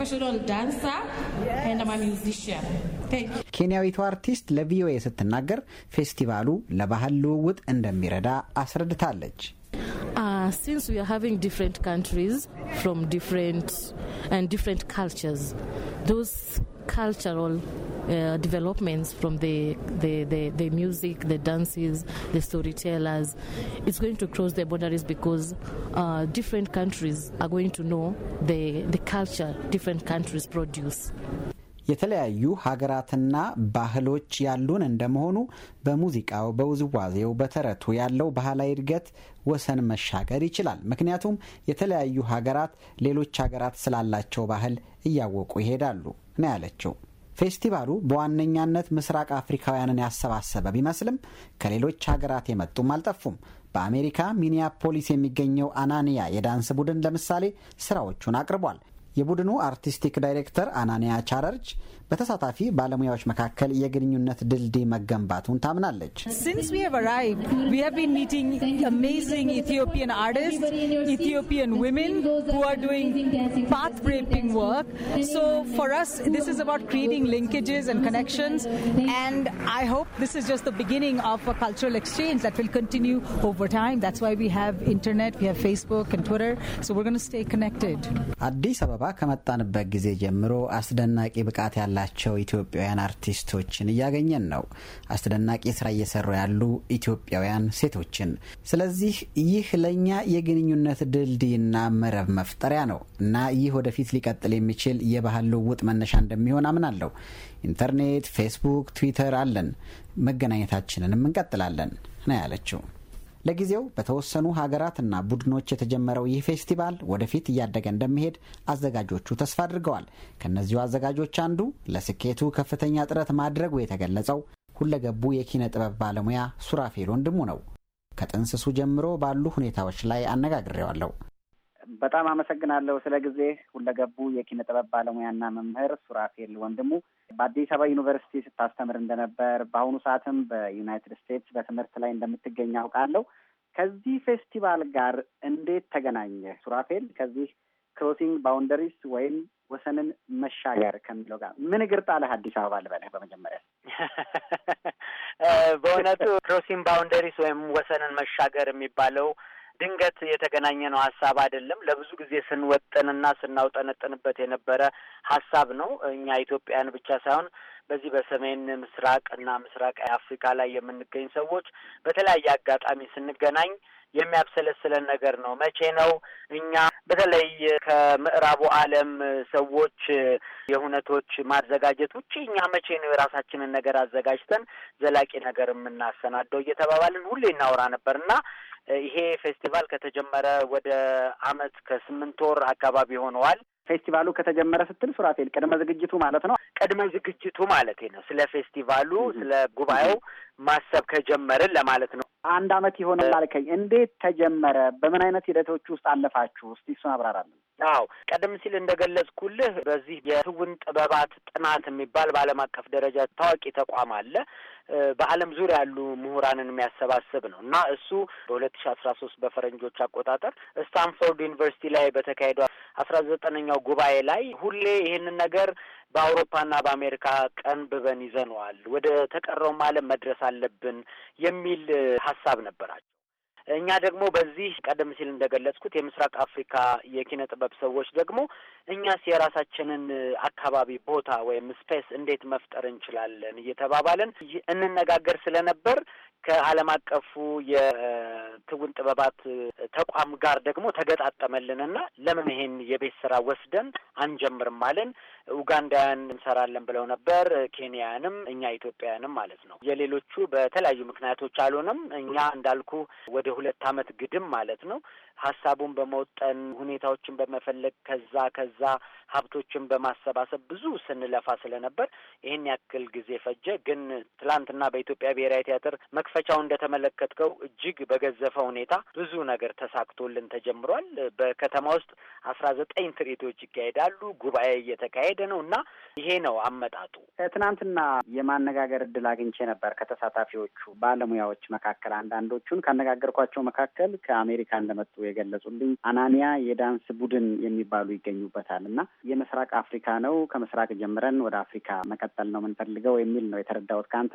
Speaker 3: ፕሮፌሽናል and I'm a musician.
Speaker 11: ኬንያዊቷ አርቲስት ለቪኦኤ ስትናገር ፌስቲቫሉ ለባህል ልውውጥ እንደሚረዳ አስረድታለች።
Speaker 3: Uh, since we are having different countries from different and different cultures, those cultural uh, developments from the, the, the, the, music, the dances, the storytellers. It's going to cross the boundaries because uh, different countries are going to know the, the culture different countries produce.
Speaker 11: የተለያዩ ሀገራትና ባህሎች ያሉን እንደመሆኑ በሙዚቃው፣ በውዝዋዜው፣ በተረቱ ያለው ባህላዊ እድገት ወሰን መሻገር ይችላል። ምክንያቱም የተለያዩ ሀገራት ሌሎች ሀገራት ስላላቸው ባህል እያወቁ ይሄዳሉ ነው ያለችው። ፌስቲቫሉ በዋነኛነት ምስራቅ አፍሪካውያንን ያሰባሰበ ቢመስልም ከሌሎች ሀገራት የመጡም አልጠፉም። በአሜሪካ ሚኒያፖሊስ የሚገኘው አናንያ የዳንስ ቡድን ለምሳሌ ስራዎቹን አቅርቧል። የቡድኑ አርቲስቲክ ዳይሬክተር አናንያ ቻረርች በተሳታፊ ባለሙያዎች መካከል የግንኙነት ድልድይ መገንባቱን ታምናለች። አዲስ አበባ ከመጣንበት ጊዜ ጀምሮ አስደናቂ ብቃት ያላ ያላቸው ኢትዮጵያውያን አርቲስቶችን እያገኘን ነው። አስደናቂ ስራ እየሰሩ ያሉ ኢትዮጵያውያን ሴቶችን። ስለዚህ ይህ ለእኛ የግንኙነት ድልድይና መረብ መፍጠሪያ ነው እና ይህ ወደፊት ሊቀጥል የሚችል የባህል ልውውጥ መነሻ እንደሚሆን አምናለሁ። ኢንተርኔት፣ ፌስቡክ፣ ትዊተር አለን። መገናኘታችንንም እንቀጥላለን ነው ያለችው። ለጊዜው በተወሰኑ ሀገራትና ቡድኖች የተጀመረው ይህ ፌስቲቫል ወደፊት እያደገ እንደሚሄድ አዘጋጆቹ ተስፋ አድርገዋል። ከእነዚሁ አዘጋጆች አንዱ ለስኬቱ ከፍተኛ ጥረት ማድረጉ የተገለጸው ሁለገቡ የኪነ ጥበብ ባለሙያ ሱራፌል ወንድሙ ነው። ከጥንስሱ ጀምሮ ባሉ ሁኔታዎች ላይ አነጋግሬዋለሁ።
Speaker 10: በጣም አመሰግናለሁ ስለ ጊዜ። ሁለገቡ የኪነ ጥበብ ባለሙያና መምህር ሱራፌል ወንድሙ በአዲስ አበባ ዩኒቨርሲቲ ስታስተምር እንደነበር በአሁኑ ሰዓትም በዩናይትድ ስቴትስ በትምህርት ላይ እንደምትገኝ አውቃለሁ። ከዚህ ፌስቲቫል ጋር እንዴት ተገናኘ ሱራፌል? ከዚህ ክሮሲንግ ባውንደሪስ ወይም ወሰንን መሻገር ከሚለው ጋር ምን እግር ጣለህ አዲስ አበባ ልበለህ? በመጀመሪያ በእውነቱ ክሮሲንግ
Speaker 8: ባውንደሪስ ወይም ወሰንን መሻገር የሚባለው ድንገት የተገናኘ ነው ሀሳብ አይደለም። ለብዙ ጊዜ ስንወጠንና ስናውጠነጥንበት የነበረ ሀሳብ ነው። እኛ ኢትዮጵያን ብቻ ሳይሆን በዚህ በሰሜን ምስራቅ እና ምስራቅ አፍሪካ ላይ የምንገኝ ሰዎች በተለያየ አጋጣሚ ስንገናኝ የሚያብሰለስለን ነገር ነው። መቼ ነው እኛ በተለይ ከምዕራቡ ዓለም ሰዎች የሁነቶች ማዘጋጀት ውጭ እኛ መቼ ነው የራሳችንን ነገር አዘጋጅተን ዘላቂ ነገር የምናሰናደው እየተባባልን ሁሌ እናወራ ነበር እና ይሄ ፌስቲቫል ከተጀመረ ወደ አመት ከስምንት ወር አካባቢ ሆነዋል።
Speaker 10: ፌስቲቫሉ ከተጀመረ ስትል ሱራፌል፣ ቅድመ ዝግጅቱ ማለት ነው። ቅድመ
Speaker 8: ዝግጅቱ ማለት ነው። ስለ ፌስቲቫሉ ስለ ጉባኤው ማሰብ ከጀመርን ለማለት
Speaker 10: ነው። አንድ አመት የሆነ ላልከኝ፣ እንዴት ተጀመረ? በምን አይነት ሂደቶች ውስጥ አለፋችሁ? እስቲ እሱን አብራራለን።
Speaker 8: አዎ ቀደም ሲል እንደገለጽኩልህ በዚህ የትውን ጥበባት ጥናት የሚባል በዓለም አቀፍ ደረጃ ታዋቂ ተቋም አለ። በዓለም ዙሪያ ያሉ ምሁራንን የሚያሰባስብ ነው እና እሱ በሁለት ሺ አስራ ሶስት በፈረንጆች አቆጣጠር ስታንፎርድ ዩኒቨርሲቲ ላይ በተካሄደ አስራ ዘጠነኛው ጉባኤ ላይ ሁሌ ይህንን ነገር በአውሮፓና በአሜሪካ ቀንብበን ይዘነዋል፣ ወደ ተቀረውም ዓለም መድረስ አለብን የሚል ሀሳብ ነበራቸው። እኛ ደግሞ በዚህ ቀደም ሲል እንደገለጽኩት የምስራቅ አፍሪካ የኪነ ጥበብ ሰዎች ደግሞ እኛስ የራሳችንን አካባቢ ቦታ ወይም ስፔስ እንዴት መፍጠር እንችላለን እየተባባለን እንነጋገር ስለነበር ከዓለም አቀፉ የትውን ጥበባት ተቋም ጋር ደግሞ ተገጣጠመልንና ለምን ይሄን የቤት ስራ ወስደን አንጀምርም አለን። ኡጋንዳውያን እንሰራለን ብለው ነበር። ኬንያንም እኛ ኢትዮጵያውያንም ማለት ነው። የሌሎቹ በተለያዩ ምክንያቶች አልሆነም። እኛ እንዳልኩ ወደ ሁለት አመት ግድም ማለት ነው ሀሳቡን በመወጠን ሁኔታዎችን በመፈለግ ከዛ ከዛ ሀብቶችን በማሰባሰብ ብዙ ስንለፋ ስለነበር ይህን ያክል ጊዜ ፈጀ። ግን ትላንትና በኢትዮጵያ ብሔራዊ ቲያትር መክፈቻው እንደተመለከትከው እጅግ በገዘፈ ሁኔታ ብዙ ነገር ተሳክቶልን ተጀምሯል። በከተማ ውስጥ አስራ ዘጠኝ ትርኢቶች ይካሄዳሉ። ጉባኤ እየተካሄደ እየተካሄደ ነው እና ይሄ ነው አመጣጡ።
Speaker 10: ትናንትና የማነጋገር እድል አግኝቼ ነበር ከተሳታፊዎቹ ባለሙያዎች መካከል አንዳንዶቹን ካነጋገርኳቸው መካከል ከአሜሪካ እንደመጡ የገለጹልኝ አናኒያ የዳንስ ቡድን የሚባሉ ይገኙበታል እና የምስራቅ አፍሪካ ነው ከምስራቅ ጀምረን ወደ አፍሪካ መቀጠል ነው የምንፈልገው የሚል ነው የተረዳሁት ከአንተ።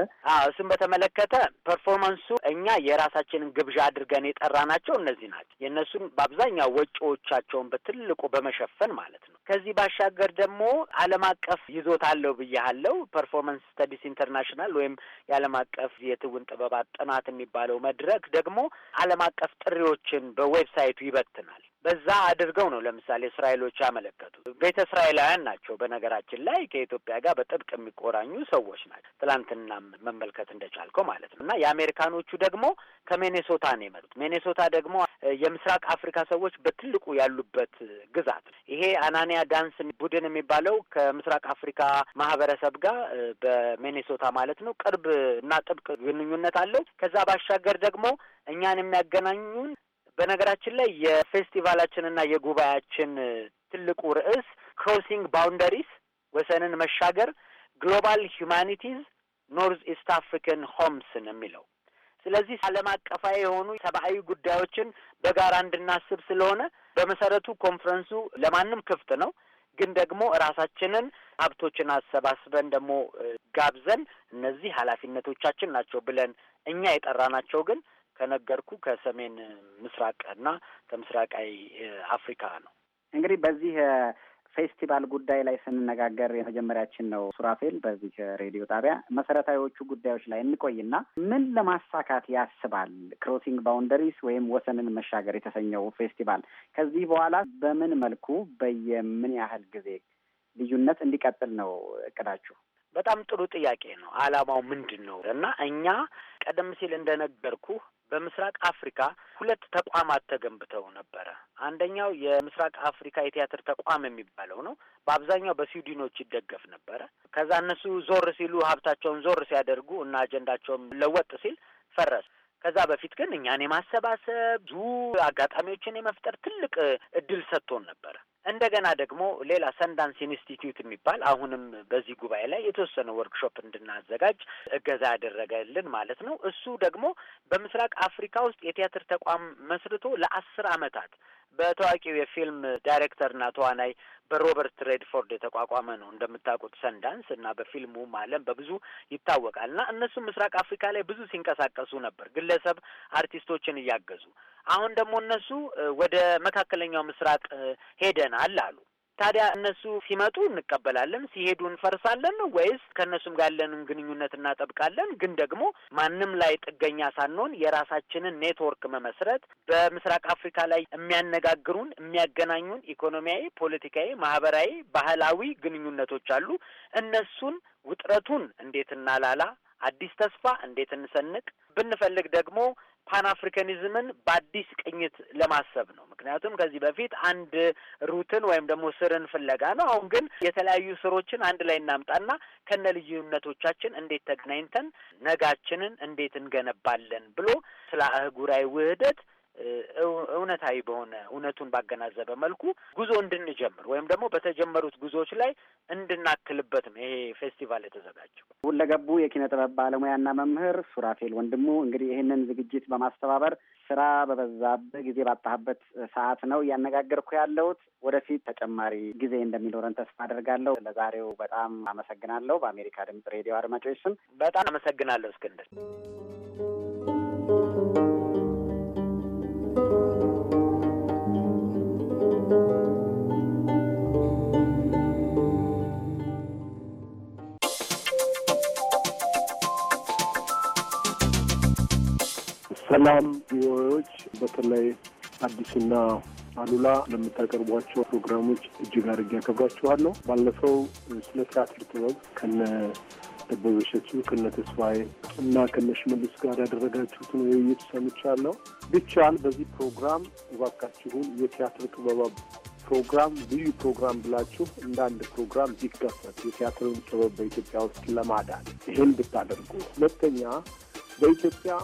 Speaker 8: እሱን በተመለከተ ፐርፎርማንሱ እኛ የራሳችንን ግብዣ አድርገን የጠራ ናቸው እነዚህ ናቸው። የእነሱን በአብዛኛው ወጪዎቻቸውን በትልቁ በመሸፈን ማለት ነው። ከዚህ ባሻገር ደግሞ ዓለም አቀፍ ይዞታ አለው ብያሃለው። ፐርፎርማንስ ስተዲስ ኢንተርናሽናል ወይም የዓለም አቀፍ የትውን ጥበባት ጥናት የሚባለው መድረክ ደግሞ ዓለም አቀፍ ጥሪዎችን በዌብሳይቱ ይበትናል። በዛ አድርገው ነው ለምሳሌ እስራኤሎች ያመለከቱት። ቤተ እስራኤላውያን ናቸው በነገራችን ላይ ከኢትዮጵያ ጋር በጥብቅ የሚቆራኙ ሰዎች ናቸው። ትላንትና መመልከት እንደቻልከው ማለት ነው። እና የአሜሪካኖቹ ደግሞ ከሜኔሶታ ነው የመጡት። ሜኔሶታ ደግሞ የምስራቅ አፍሪካ ሰዎች በትልቁ ያሉበት ግዛት ነው። ይሄ አናንያ ዳንስ ቡድን የሚባለው ከምስራቅ አፍሪካ ማህበረሰብ ጋር በሜኔሶታ ማለት ነው ቅርብ እና ጥብቅ ግንኙነት አለው። ከዛ ባሻገር ደግሞ እኛን የሚያገናኙን በነገራችን ላይ የፌስቲቫላችንና የጉባኤያችን ትልቁ ርዕስ ክሮሲንግ ባውንደሪስ ወሰንን መሻገር ግሎባል ሂውማኒቲዝ ኖርዝ ኢስት አፍሪካን ሆምስ ነው የሚለው። ስለዚህ ዓለም አቀፋዊ የሆኑ ሰብአዊ ጉዳዮችን በጋራ እንድናስብ ስለሆነ በመሰረቱ ኮንፈረንሱ ለማንም ክፍት ነው። ግን ደግሞ ራሳችንን ሀብቶችን አሰባስበን ደግሞ ጋብዘን እነዚህ ኃላፊነቶቻችን ናቸው ብለን እኛ የጠራናቸው ግን ከነገርኩ ከሰሜን ምስራቅ እና ከምስራቃዊ አፍሪካ ነው።
Speaker 10: እንግዲህ በዚህ ፌስቲቫል ጉዳይ ላይ ስንነጋገር የመጀመሪያችን ነው ሱራፌል። በዚህ ሬዲዮ ጣቢያ መሰረታዊዎቹ ጉዳዮች ላይ እንቆይና ምን ለማሳካት ያስባል ክሮሲንግ ባውንደሪስ ወይም ወሰንን መሻገር የተሰኘው ፌስቲቫል ከዚህ በኋላ በምን መልኩ በየምን ያህል ጊዜ ልዩነት እንዲቀጥል ነው እቅዳችሁ?
Speaker 8: በጣም ጥሩ ጥያቄ ነው። አላማው ምንድን ነው እና እኛ ቀደም ሲል እንደነገርኩ በምስራቅ አፍሪካ ሁለት ተቋማት ተገንብተው ነበረ። አንደኛው የምስራቅ አፍሪካ የቲያትር ተቋም የሚባለው ነው። በአብዛኛው በስዊድኖች ይደገፍ ነበረ። ከዛ እነሱ ዞር ሲሉ ሀብታቸውን ዞር ሲያደርጉ እና አጀንዳቸውም ለወጥ ሲል ፈረሰ። ከዛ በፊት ግን እኛን የማሰባሰብ ብዙ አጋጣሚዎችን የመፍጠር ትልቅ እድል ሰጥቶን ነበረ። እንደገና ደግሞ ሌላ ሰንዳንስ ኢንስቲትዩት የሚባል አሁንም በዚህ ጉባኤ ላይ የተወሰነ ወርክሾፕ እንድናዘጋጅ እገዛ ያደረገልን ማለት ነው። እሱ ደግሞ በምስራቅ አፍሪካ ውስጥ የቲያትር ተቋም መስርቶ ለአስር ዓመታት በታዋቂው የፊልም ዳይሬክተርና ተዋናይ በሮበርት ሬድፎርድ የተቋቋመ ነው እንደምታውቁት ሰንዳንስ እና በፊልሙም አለም በብዙ ይታወቃል እና እነሱም ምስራቅ አፍሪካ ላይ ብዙ ሲንቀሳቀሱ ነበር ግለሰብ አርቲስቶችን እያገዙ አሁን ደግሞ እነሱ ወደ መካከለኛው ምስራቅ ሄደናል አሉ ታዲያ እነሱ ሲመጡ እንቀበላለን፣ ሲሄዱ እንፈርሳለን ወይስ ከእነሱም ጋር ያለንን ግንኙነት እናጠብቃለን? ግን ደግሞ ማንም ላይ ጥገኛ ሳንሆን የራሳችንን ኔትወርክ መመስረት በምስራቅ አፍሪካ ላይ የሚያነጋግሩን የሚያገናኙን ኢኮኖሚያዊ፣ ፖለቲካዊ፣ ማህበራዊ፣ ባህላዊ ግንኙነቶች አሉ። እነሱን ውጥረቱን እንዴት እናላላ አዲስ ተስፋ እንዴት እንሰንቅ ብንፈልግ ደግሞ ፓን አፍሪካኒዝምን በአዲስ ቅኝት ለማሰብ ነው። ምክንያቱም ከዚህ በፊት አንድ ሩትን ወይም ደግሞ ስርን ፍለጋ ነው። አሁን ግን የተለያዩ ስሮችን አንድ ላይ እናምጣና ከነ ልዩነቶቻችን እንዴት ተገናኝተን ነጋችንን እንዴት እንገነባለን ብሎ ስለ አህጉራዊ ውህደት እውነታዊ በሆነ እውነቱን ባገናዘበ መልኩ ጉዞ እንድንጀምር ወይም ደግሞ በተጀመሩት ጉዞዎች ላይ እንድናክልበት ነው ይሄ ፌስቲቫል የተዘጋጀው።
Speaker 10: ሁለገቡ የኪነ ጥበብ ባለሙያና መምህር ሱራፌል ወንድሙ እንግዲህ ይህንን ዝግጅት በማስተባበር ስራ በበዛበት ጊዜ ባጣህበት ሰዓት ነው እያነጋገርኩ ያለሁት። ወደፊት ተጨማሪ ጊዜ እንደሚኖረን ተስፋ አደርጋለሁ። ለዛሬው በጣም አመሰግናለሁ። በአሜሪካ ድምጽ ሬዲዮ አድማጮች ስም በጣም አመሰግናለሁ እስክንድር። ሰላም
Speaker 5: ቪኦኤዎች በተለይ አዲሱና አሉላ ለምታቀርቧቸው ፕሮግራሞች እጅግ አድርጌ ያከብራችኋለሁ። ባለፈው ስለ ቲያትር ጥበብ ከነ ከበበሸቱ ከነ ተስፋዬ እና ከነ ሽመልስ ጋር ያደረጋችሁትን ውይይት ሰምቻለሁ። ቢቻል በዚህ ፕሮግራም እባካችሁን የቲያትር ጥበባ ፕሮግራም ልዩ ፕሮግራም ብላችሁ እንደ አንድ ፕሮግራም ቢከፈት የቲያትርን ጥበብ በኢትዮጵያ ውስጥ ለማዳን ይህን ብታደርጉ። ሁለተኛ በኢትዮጵያ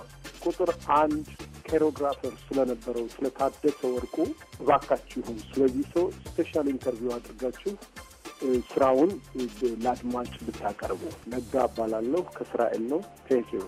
Speaker 5: ቁጥር አንድ ኬሮግራፈር ስለነበረው ስለታደሰ ወርቁ እባካችሁም ስለዚህ ሰው ስፔሻል ኢንተርቪው አድርጋችሁ ስራውን ለአድማጭ ብታቀርቡ። ነጋ እባላለሁ ከእስራኤል ነው። ቴንኪዩ።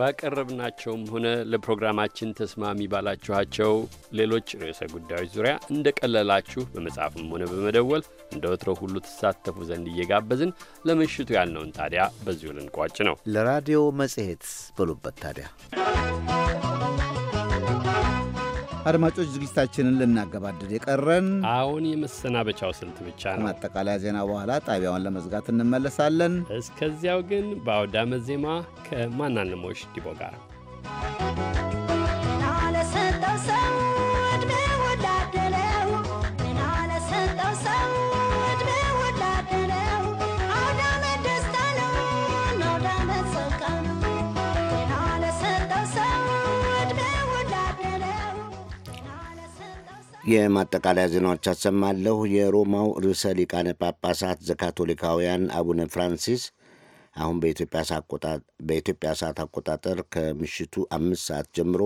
Speaker 2: ባቀረብናቸውም ሆነ ለፕሮግራማችን ተስማሚ ባላችኋቸው ሌሎች ርዕሰ ጉዳዮች ዙሪያ እንደቀለላችሁ በመጻፍም ሆነ በመደወል እንደ ወትሮ ሁሉ ትሳተፉ ዘንድ እየጋበዝን ለምሽቱ ያልነውን ታዲያ በዚሁ ልንቋጭ ነው።
Speaker 1: ለራዲዮ መጽሔት በሉበት ታዲያ አድማጮች ዝግጅታችንን ልናገባድድ የቀረን
Speaker 2: አሁን የመሰናበቻው ስልት ብቻ ነው። ከማጠቃለያ ዜና በኋላ ጣቢያውን ለመዝጋት እንመለሳለን። እስከዚያው ግን በአውዳመት ዜማ ከማናለሞሽ ዲቦ ጋር
Speaker 6: የማጠቃለያ ዜናዎች አሰማለሁ። የሮማው ርዕሰ ሊቃነ ጳጳሳት ዘካቶሊካውያን አቡነ ፍራንሲስ አሁን በኢትዮጵያ ሰዓት አቆጣጠር ከምሽቱ አምስት ሰዓት ጀምሮ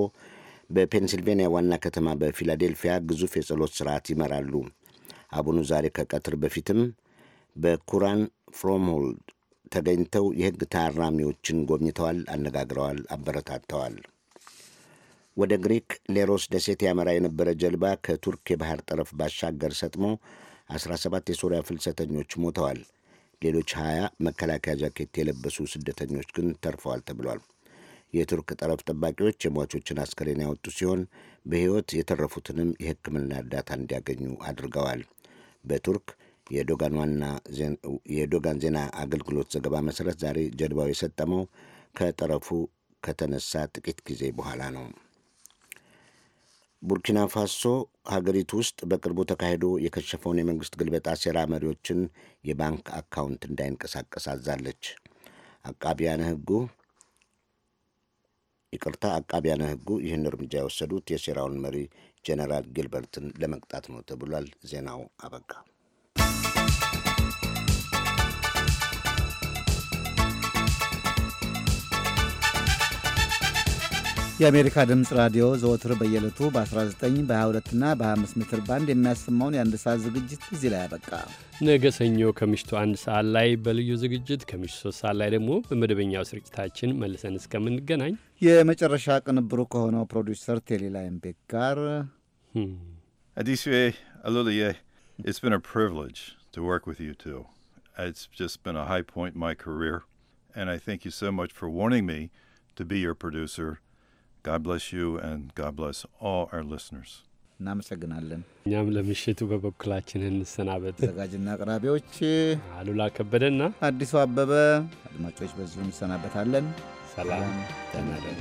Speaker 6: በፔንሲልቬንያ ዋና ከተማ በፊላዴልፊያ ግዙፍ የጸሎት ስርዓት ይመራሉ። አቡኑ ዛሬ ከቀትር በፊትም በኩራን ፍሮምሆልድ ተገኝተው የሕግ ታራሚዎችን ጎብኝተዋል፣ አነጋግረዋል፣ አበረታተዋል። ወደ ግሪክ ሌሮስ ደሴት ያመራ የነበረ ጀልባ ከቱርክ የባህር ጠረፍ ባሻገር ሰጥሞ 17 የሶሪያ ፍልሰተኞች ሞተዋል። ሌሎች 20 መከላከያ ጃኬት የለበሱ ስደተኞች ግን ተርፈዋል ተብሏል። የቱርክ ጠረፍ ጠባቂዎች የሟቾችን አስከሬን ያወጡ ሲሆን በሕይወት የተረፉትንም የሕክምና እርዳታ እንዲያገኙ አድርገዋል። በቱርክ የዶጋን ዋና የዶጋን ዜና አገልግሎት ዘገባ መሠረት ዛሬ ጀልባው የሰጠመው ከጠረፉ ከተነሳ ጥቂት ጊዜ በኋላ ነው። ቡርኪና ፋሶ ሀገሪቱ ውስጥ በቅርቡ ተካሂዶ የከሸፈውን የመንግሥት ግልበጣ ሴራ መሪዎችን የባንክ አካውንት እንዳይንቀሳቀስ አዛለች። አቃቢያነ ሕጉ ይቅርታ፣ አቃቢያነ ሕጉ ይህን እርምጃ የወሰዱት የሴራውን መሪ ጄኔራል ጊልበርትን ለመቅጣት ነው ተብሏል። ዜናው አበቃ።
Speaker 1: የአሜሪካ ድምፅ ራዲዮ ዘወትር በየዕለቱ በ19 በ22 እና በ25 ሜትር ባንድ የሚያሰማውን የአንድ ሰዓት ዝግጅት እዚህ ላይ ያበቃ።
Speaker 2: ነገ ሰኞ ከምሽቱ አንድ ሰዓት ላይ በልዩ ዝግጅት ከምሽቱ ሶስት ሰዓት ላይ ደግሞ በመደበኛው ስርጭታችን መልሰን እስከምንገናኝ
Speaker 1: የመጨረሻ ቅንብሩ ከሆነው ፕሮዲውሰር ቴሌ ላይምቤክ ጋር
Speaker 7: አዲሱ አሉልዬ It's been a privilege to work with you two. It's just been a high point in my career. And I thank you so much for warning me to be your producer. God bless you and God bless all our
Speaker 1: listeners. እናመሰግናለን። እኛም ለምሽቱ በበኩላችን እንሰናበት። አዘጋጅና አቅራቢዎች አሉላ ከበደና አዲሱ አበበ። አድማጮች በዚሁ እንሰናበታለን።
Speaker 4: ሰላም ተናደን።